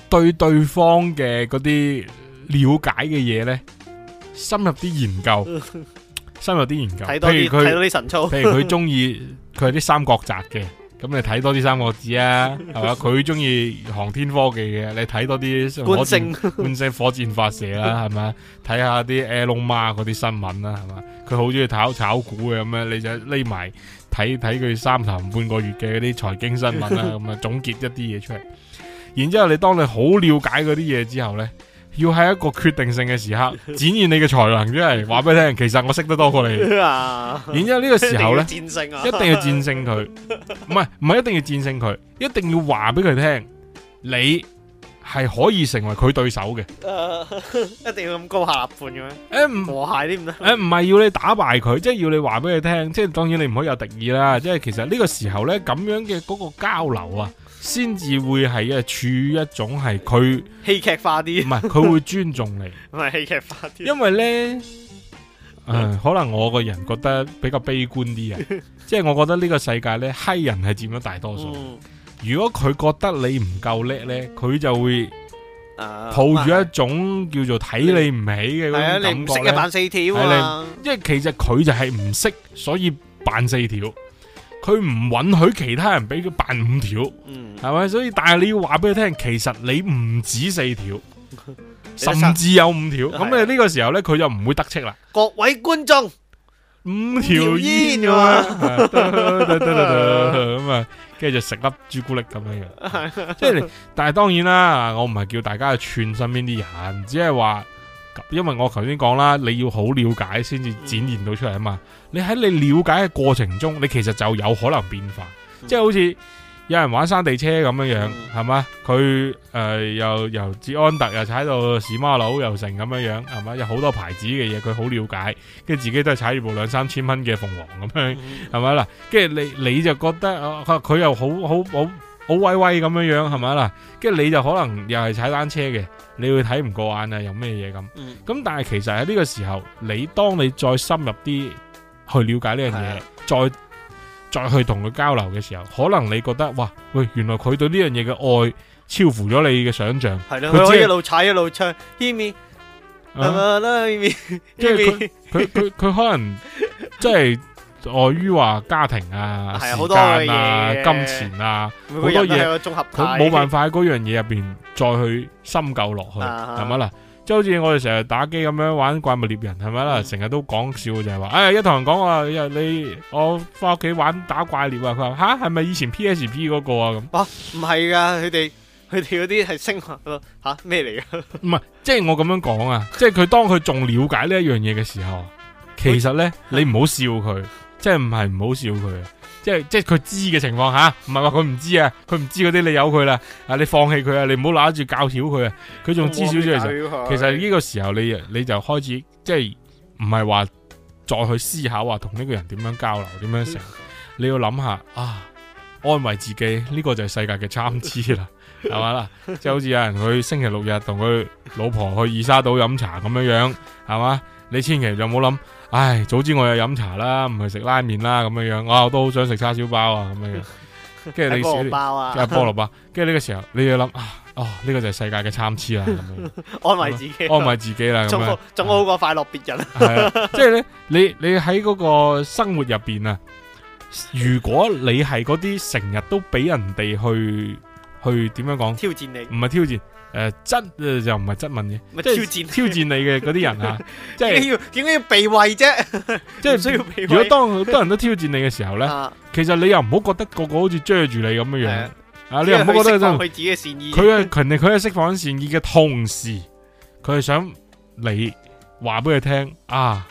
對對方嘅嗰啲了解嘅嘢咧，深入啲研究，深入啲研究。譬如佢睇到啲神操，譬如佢中意佢係啲三角宅嘅。咁你睇多啲三個字啊，係嘛？佢中意航天科技嘅，你睇多啲。火星星火箭發射啦、啊，係嘛？睇下啲 Elon Musk 嗰啲新聞啦、啊，係嘛？佢好中意炒炒股嘅咁樣，你就匿埋睇睇佢三頭半個月嘅嗰啲財經新聞啦、啊，咁 啊總結一啲嘢出嚟。然之後你當你好了解嗰啲嘢之後咧，要喺一個決定性嘅時刻展現你嘅才能，即係話俾你聽，其實我識得多過你。然之後呢個時候咧，一定要戰勝佢，唔係唔係一定要戰勝佢，一定要話俾佢聽，你係可以成為佢對手嘅。一定要咁高下立判咁樣，誒，和諧啲唔得。誒，唔係要你打敗佢，即係要你話俾佢聽，即係當然你唔可以有敵意啦。即係其實呢個時候咧，咁樣嘅嗰個交流啊。先至會係啊，處於一種係佢戲劇化啲，唔係佢會尊重你，唔係戲劇化啲。因為咧，誒、 嗯，可能我個人覺得比較悲觀啲啊，即係我覺得呢個世界咧，閪人係佔咗大多數。嗯、如果佢覺得你唔夠叻咧，佢就會抱住一種叫做睇你唔起嘅感覺，係啊，你唔識嘅扮四條啊嘛。因為其實佢就係唔識，所以扮四條。佢唔允許其他人俾佢扮五條，係、嗯、咪？所以但係你要話俾佢聽，其實你唔止四條，甚至有五條。咁你呢個時候咧，佢就唔會得戚啦。各位觀眾，五條煙啊，咁啊，跟 住 就食粒朱古力咁樣樣。即 係， 但係當然啦，我唔係叫大家串身邊啲人，只係話。因為我頭先講啦，你要好了解先至展現到出嚟啊嘛。你喺你了解嘅過程中，你其實就有可能變化，即係好似有人玩山地車咁樣樣，係、嗯、嘛？佢誒又由捷安特又踩到史馬騮又成咁樣樣，係咪？有好多牌子嘅嘢佢好了解，跟住自己都係踩住部兩三千蚊嘅鳳凰咁樣，係咪啦？跟住你你就覺得佢、呃、又好好好。好好喂喂咁樣樣係咪啦？跟住你就可能又係踩單車嘅，你會睇唔過眼啊，有咩嘢咁？咁、嗯、但係其實喺呢個時候，你當你再深入啲去了解呢樣嘢，再再去同佢交流嘅時候，可能你覺得哇喂，原來佢對呢樣嘢嘅愛超乎咗你嘅想象。係咯，佢可以一路踩一路唱。Himmy。因為佢佢佢可能即係。 就是礙於話家庭啊、時間啊、好多嘢、金錢啊，好多嘢，佢冇辦法喺嗰樣嘢入邊再去深究落去，係咪啦？即係好似我哋成日打機咁樣玩怪物獵人，係咪啦？成、嗯、日都講笑就係、是、話，哎，一堂人講話、啊，你我翻屋企玩打怪獵啊？佢話吓係咪以前 PSP 嗰個啊？咁啊，唔係噶，佢哋佢哋嗰啲係升華咯吓咩嚟噶？唔係，即係我咁樣講啊，即係佢當佢仲了解呢一樣嘢嘅時候，其實咧你唔好笑佢。 即係唔係唔好笑佢，即係即係佢知嘅情況下，唔係話佢唔知啊，佢唔知嗰啲你由佢啦，啊你放棄佢啊，你唔好拿住教小佢啊，佢仲知少少其實，其實呢個時候你你就開始即係唔係話再去思考話同呢個人點樣交流點樣成，嗯、你要諗下啊，安慰自己呢個就係世界嘅參差啦，係嘛啦，即係好似有人佢星期六日同佢老婆去二沙島飲茶咁樣樣，係嘛，你千祈就唔好諗。唉，早知我又飲茶啦，唔係食拉麵啦，咁樣樣，哦，我都好想食叉燒包啊，咁樣樣。跟 住你包啊，菠蘿包。跟住呢個時候，你要諗啊，哦，呢、呢個就係世界嘅參差啦。 安慰自己，安慰自己啦。仲好，仲好過快樂別人。係啊，啊 即係咧，你你喺嗰個生活入邊啊，如果你係嗰啲成日都俾人哋去去點樣講挑戰你，唔係挑戰。誒、呃，質就唔係質問嘅，挑戰，就是，挑戰你嘅嗰啲人 啊，即係點解要點解要避諱啫？即、就、係、是、唔需要避。如果當好多 人都挑戰你嘅時候咧、啊，其實你又唔好覺得個個好似遮住你咁樣樣、啊。啊，你又唔好覺得佢自己善意，佢係勤佢係釋放善意嘅同時，佢係想你話俾佢聽啊，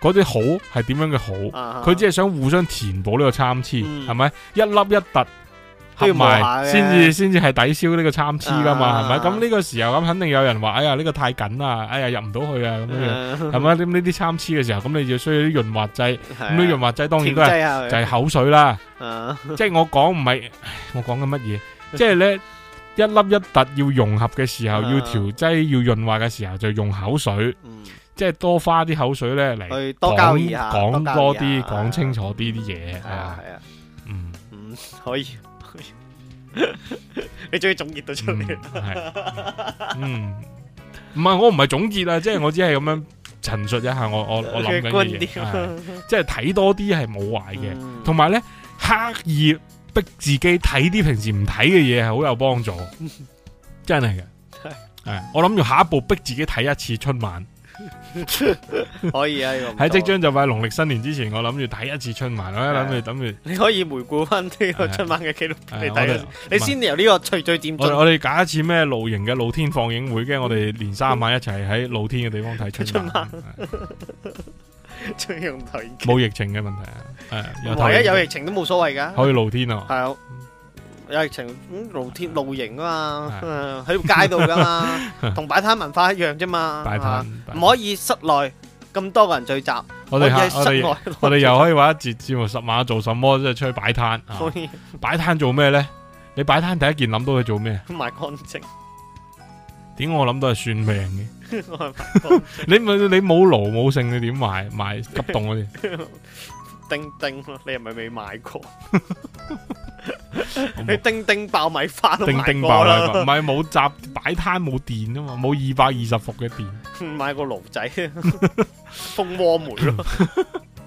嗰啲好係點樣嘅好？佢、啊、只係想互相填補呢個參差，係、嗯、咪一凹一凸？埋先至先至係抵消呢個參差噶嘛，係、啊、咪？咁呢個時候咁肯定有人話：哎呀呢、呢個太緊啦，哎呀入唔到去了啊咁樣係咪？咁呢啲參差嘅時候，咁你就需要啲潤滑劑。咁啲潤滑劑當然都係、啊、就係、是、口水啦。即、啊、係、就是、我講唔係我講緊乜嘢？即係咧一粒一突要融合嘅時候，啊、要調劑要潤滑嘅時候，就用口水。即、嗯、係、就是、多花啲口水咧嚟講講多啲、啊，講、啊、清楚啲啲嘢。係啊，啊，啊，嗯，可以。 你終於總結到出嚟，嗯，係，嗯，唔係我唔係總結啊，即 係我只係咁樣陳述一下我我我諗緊嘅嘢，即係睇多啲係冇壞嘅，同埋咧刻意逼自己睇啲平時唔睇嘅嘢係好有幫助， 真係嘅是，係， 我諗住下一步逼自己睇一次春晚。可以啊，喺即將就快農曆新年之前，我諗住睇一次春晚啦。諗住諗住，你可以回顧翻呢個春晚嘅記錄嚟睇。你先由呢個徐最點進。我我哋搞一次咩露營嘅露天放映會，驚我哋連三晚一齊喺露天嘅地方睇春晚。最用台冇疫情嘅問題啊，係萬一有疫情都冇所謂噶，可以露天啊。係。有疫情咁露天露營啊嘛，喺條街度噶嘛，同擺攤文化一樣啫嘛，唔可以室內咁多個人聚集。我哋我哋我哋又可以話一節節目十晚做什麼，即係出去擺攤。所以擺攤做咩咧？你擺攤第一件諗到係做咩？賣乾蒸。點我諗到係算命嘅。你唔你冇勞冇性，你點賣賣急凍嗰啲？叮叮咯，你係咪未賣過？喺 叮叮爆米花都買過啦，唔係冇集擺攤冇電啊嘛，冇二百二十伏嘅電，買個爐仔，蜂窩煤咯。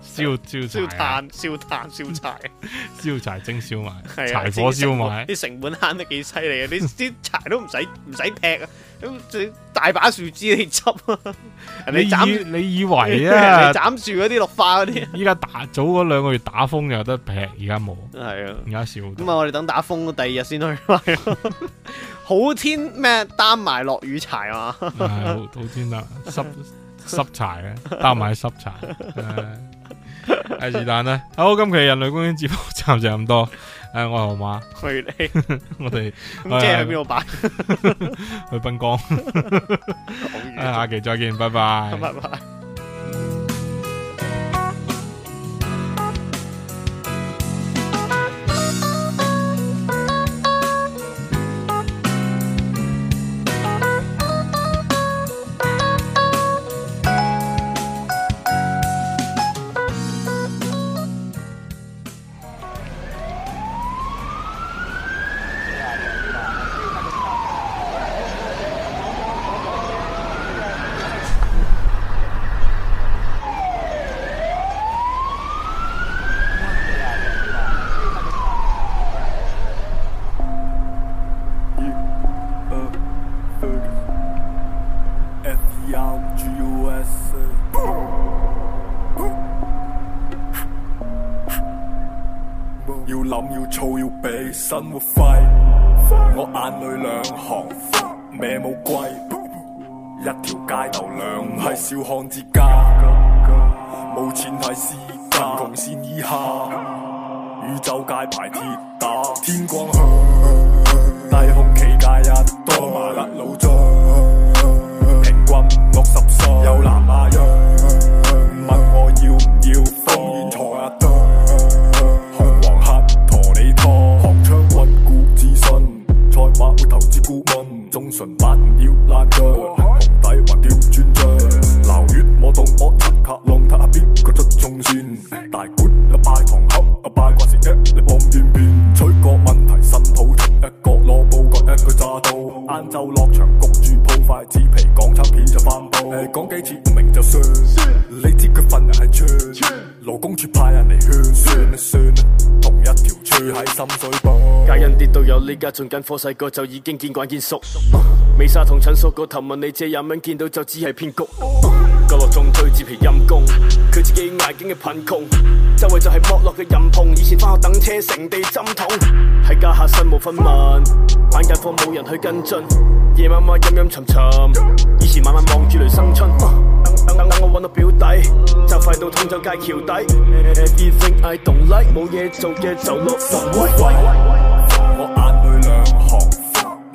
燒燒、啊、炭燒炭燒柴，燒 柴蒸燒埋，柴火燒埋，啲成本慳得幾犀利啊！你啲柴都唔使唔使劈啊，咁大把樹枝你執啊！你斬你以為啊？斬樹嗰啲綠化嗰啲、啊，依家打早嗰兩個月打風又得劈，而家冇，係啊，而家少。咁啊，我哋等打風第二日先去 好天咩？擔埋落雨柴嘛啊好！好天啊，濕濕柴啊，擔埋濕柴。 呃係是但啦，好，今期人類公園節目暫時咁多。誒、呃，我係河馬， 我們 去你冰岡，我哋，唔知係喺邊度辦？去濱江。下期再見，拜 拜，拜拜。從緊科細個就已經見慣見熟，美沙同診所個頭問你借廿蚊，見到就只係偏局。角落中推字皮陰功，佢自己捱緊嘅貧窮，周圍就係剝落嘅人碰。以前返學等車成地針筒，喺家下身無分文，眼界科冇人去跟進，夜晚晚陰陰沉沉，以前晚晚望住雷生春。等等等我揾到表弟，就快到通州街橋底。You think I don't like，冇嘢做嘅就落樓。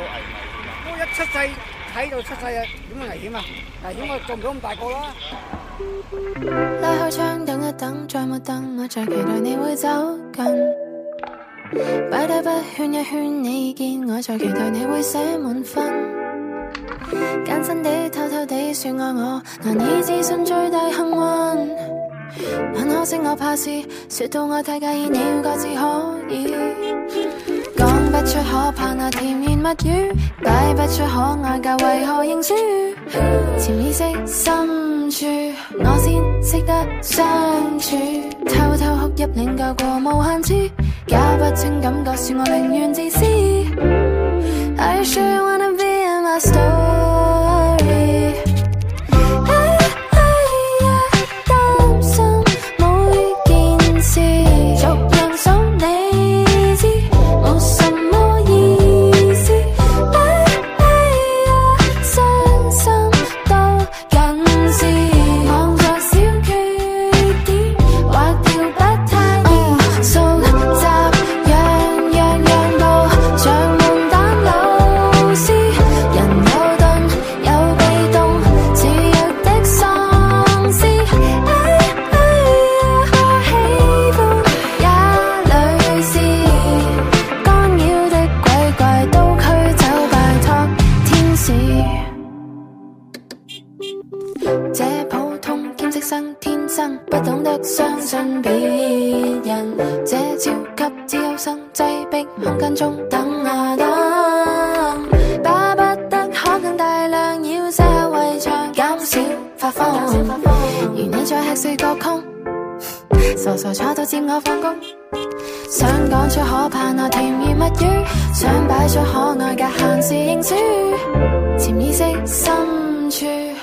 哥、哦、一出世，睇就出世啊，點會危險啊？但係點解做唔到咁大個啦、啊？拉開窗，等一等，再冇燈，我再期待你會走近。擺低筆圈一圈，你見我，我再期待你會寫滿分。艱辛地偷偷地說愛我，難以置信最大幸運。很可惜，我怕事，說到我太介意，你要各自可以。講不出可怕那、啊、甜言蜜語，打不出可愛架，為何認輸？潛意識深處，我先識得相處，偷偷哭泣，領教過無限次。搞不清感覺，是我寧願自私。I sure wanna be in my store 這普通兼職生，天生不懂得相信別人。這超級資優生，擠迫空間中等啊等，巴不得可更大量要寫下圍牆，減少發瘋。而你再吃水個空，傻傻坐到占我放工，想講出可怕那甜言蜜語，想擺出可愛嘅閒時認輸，潛意識心。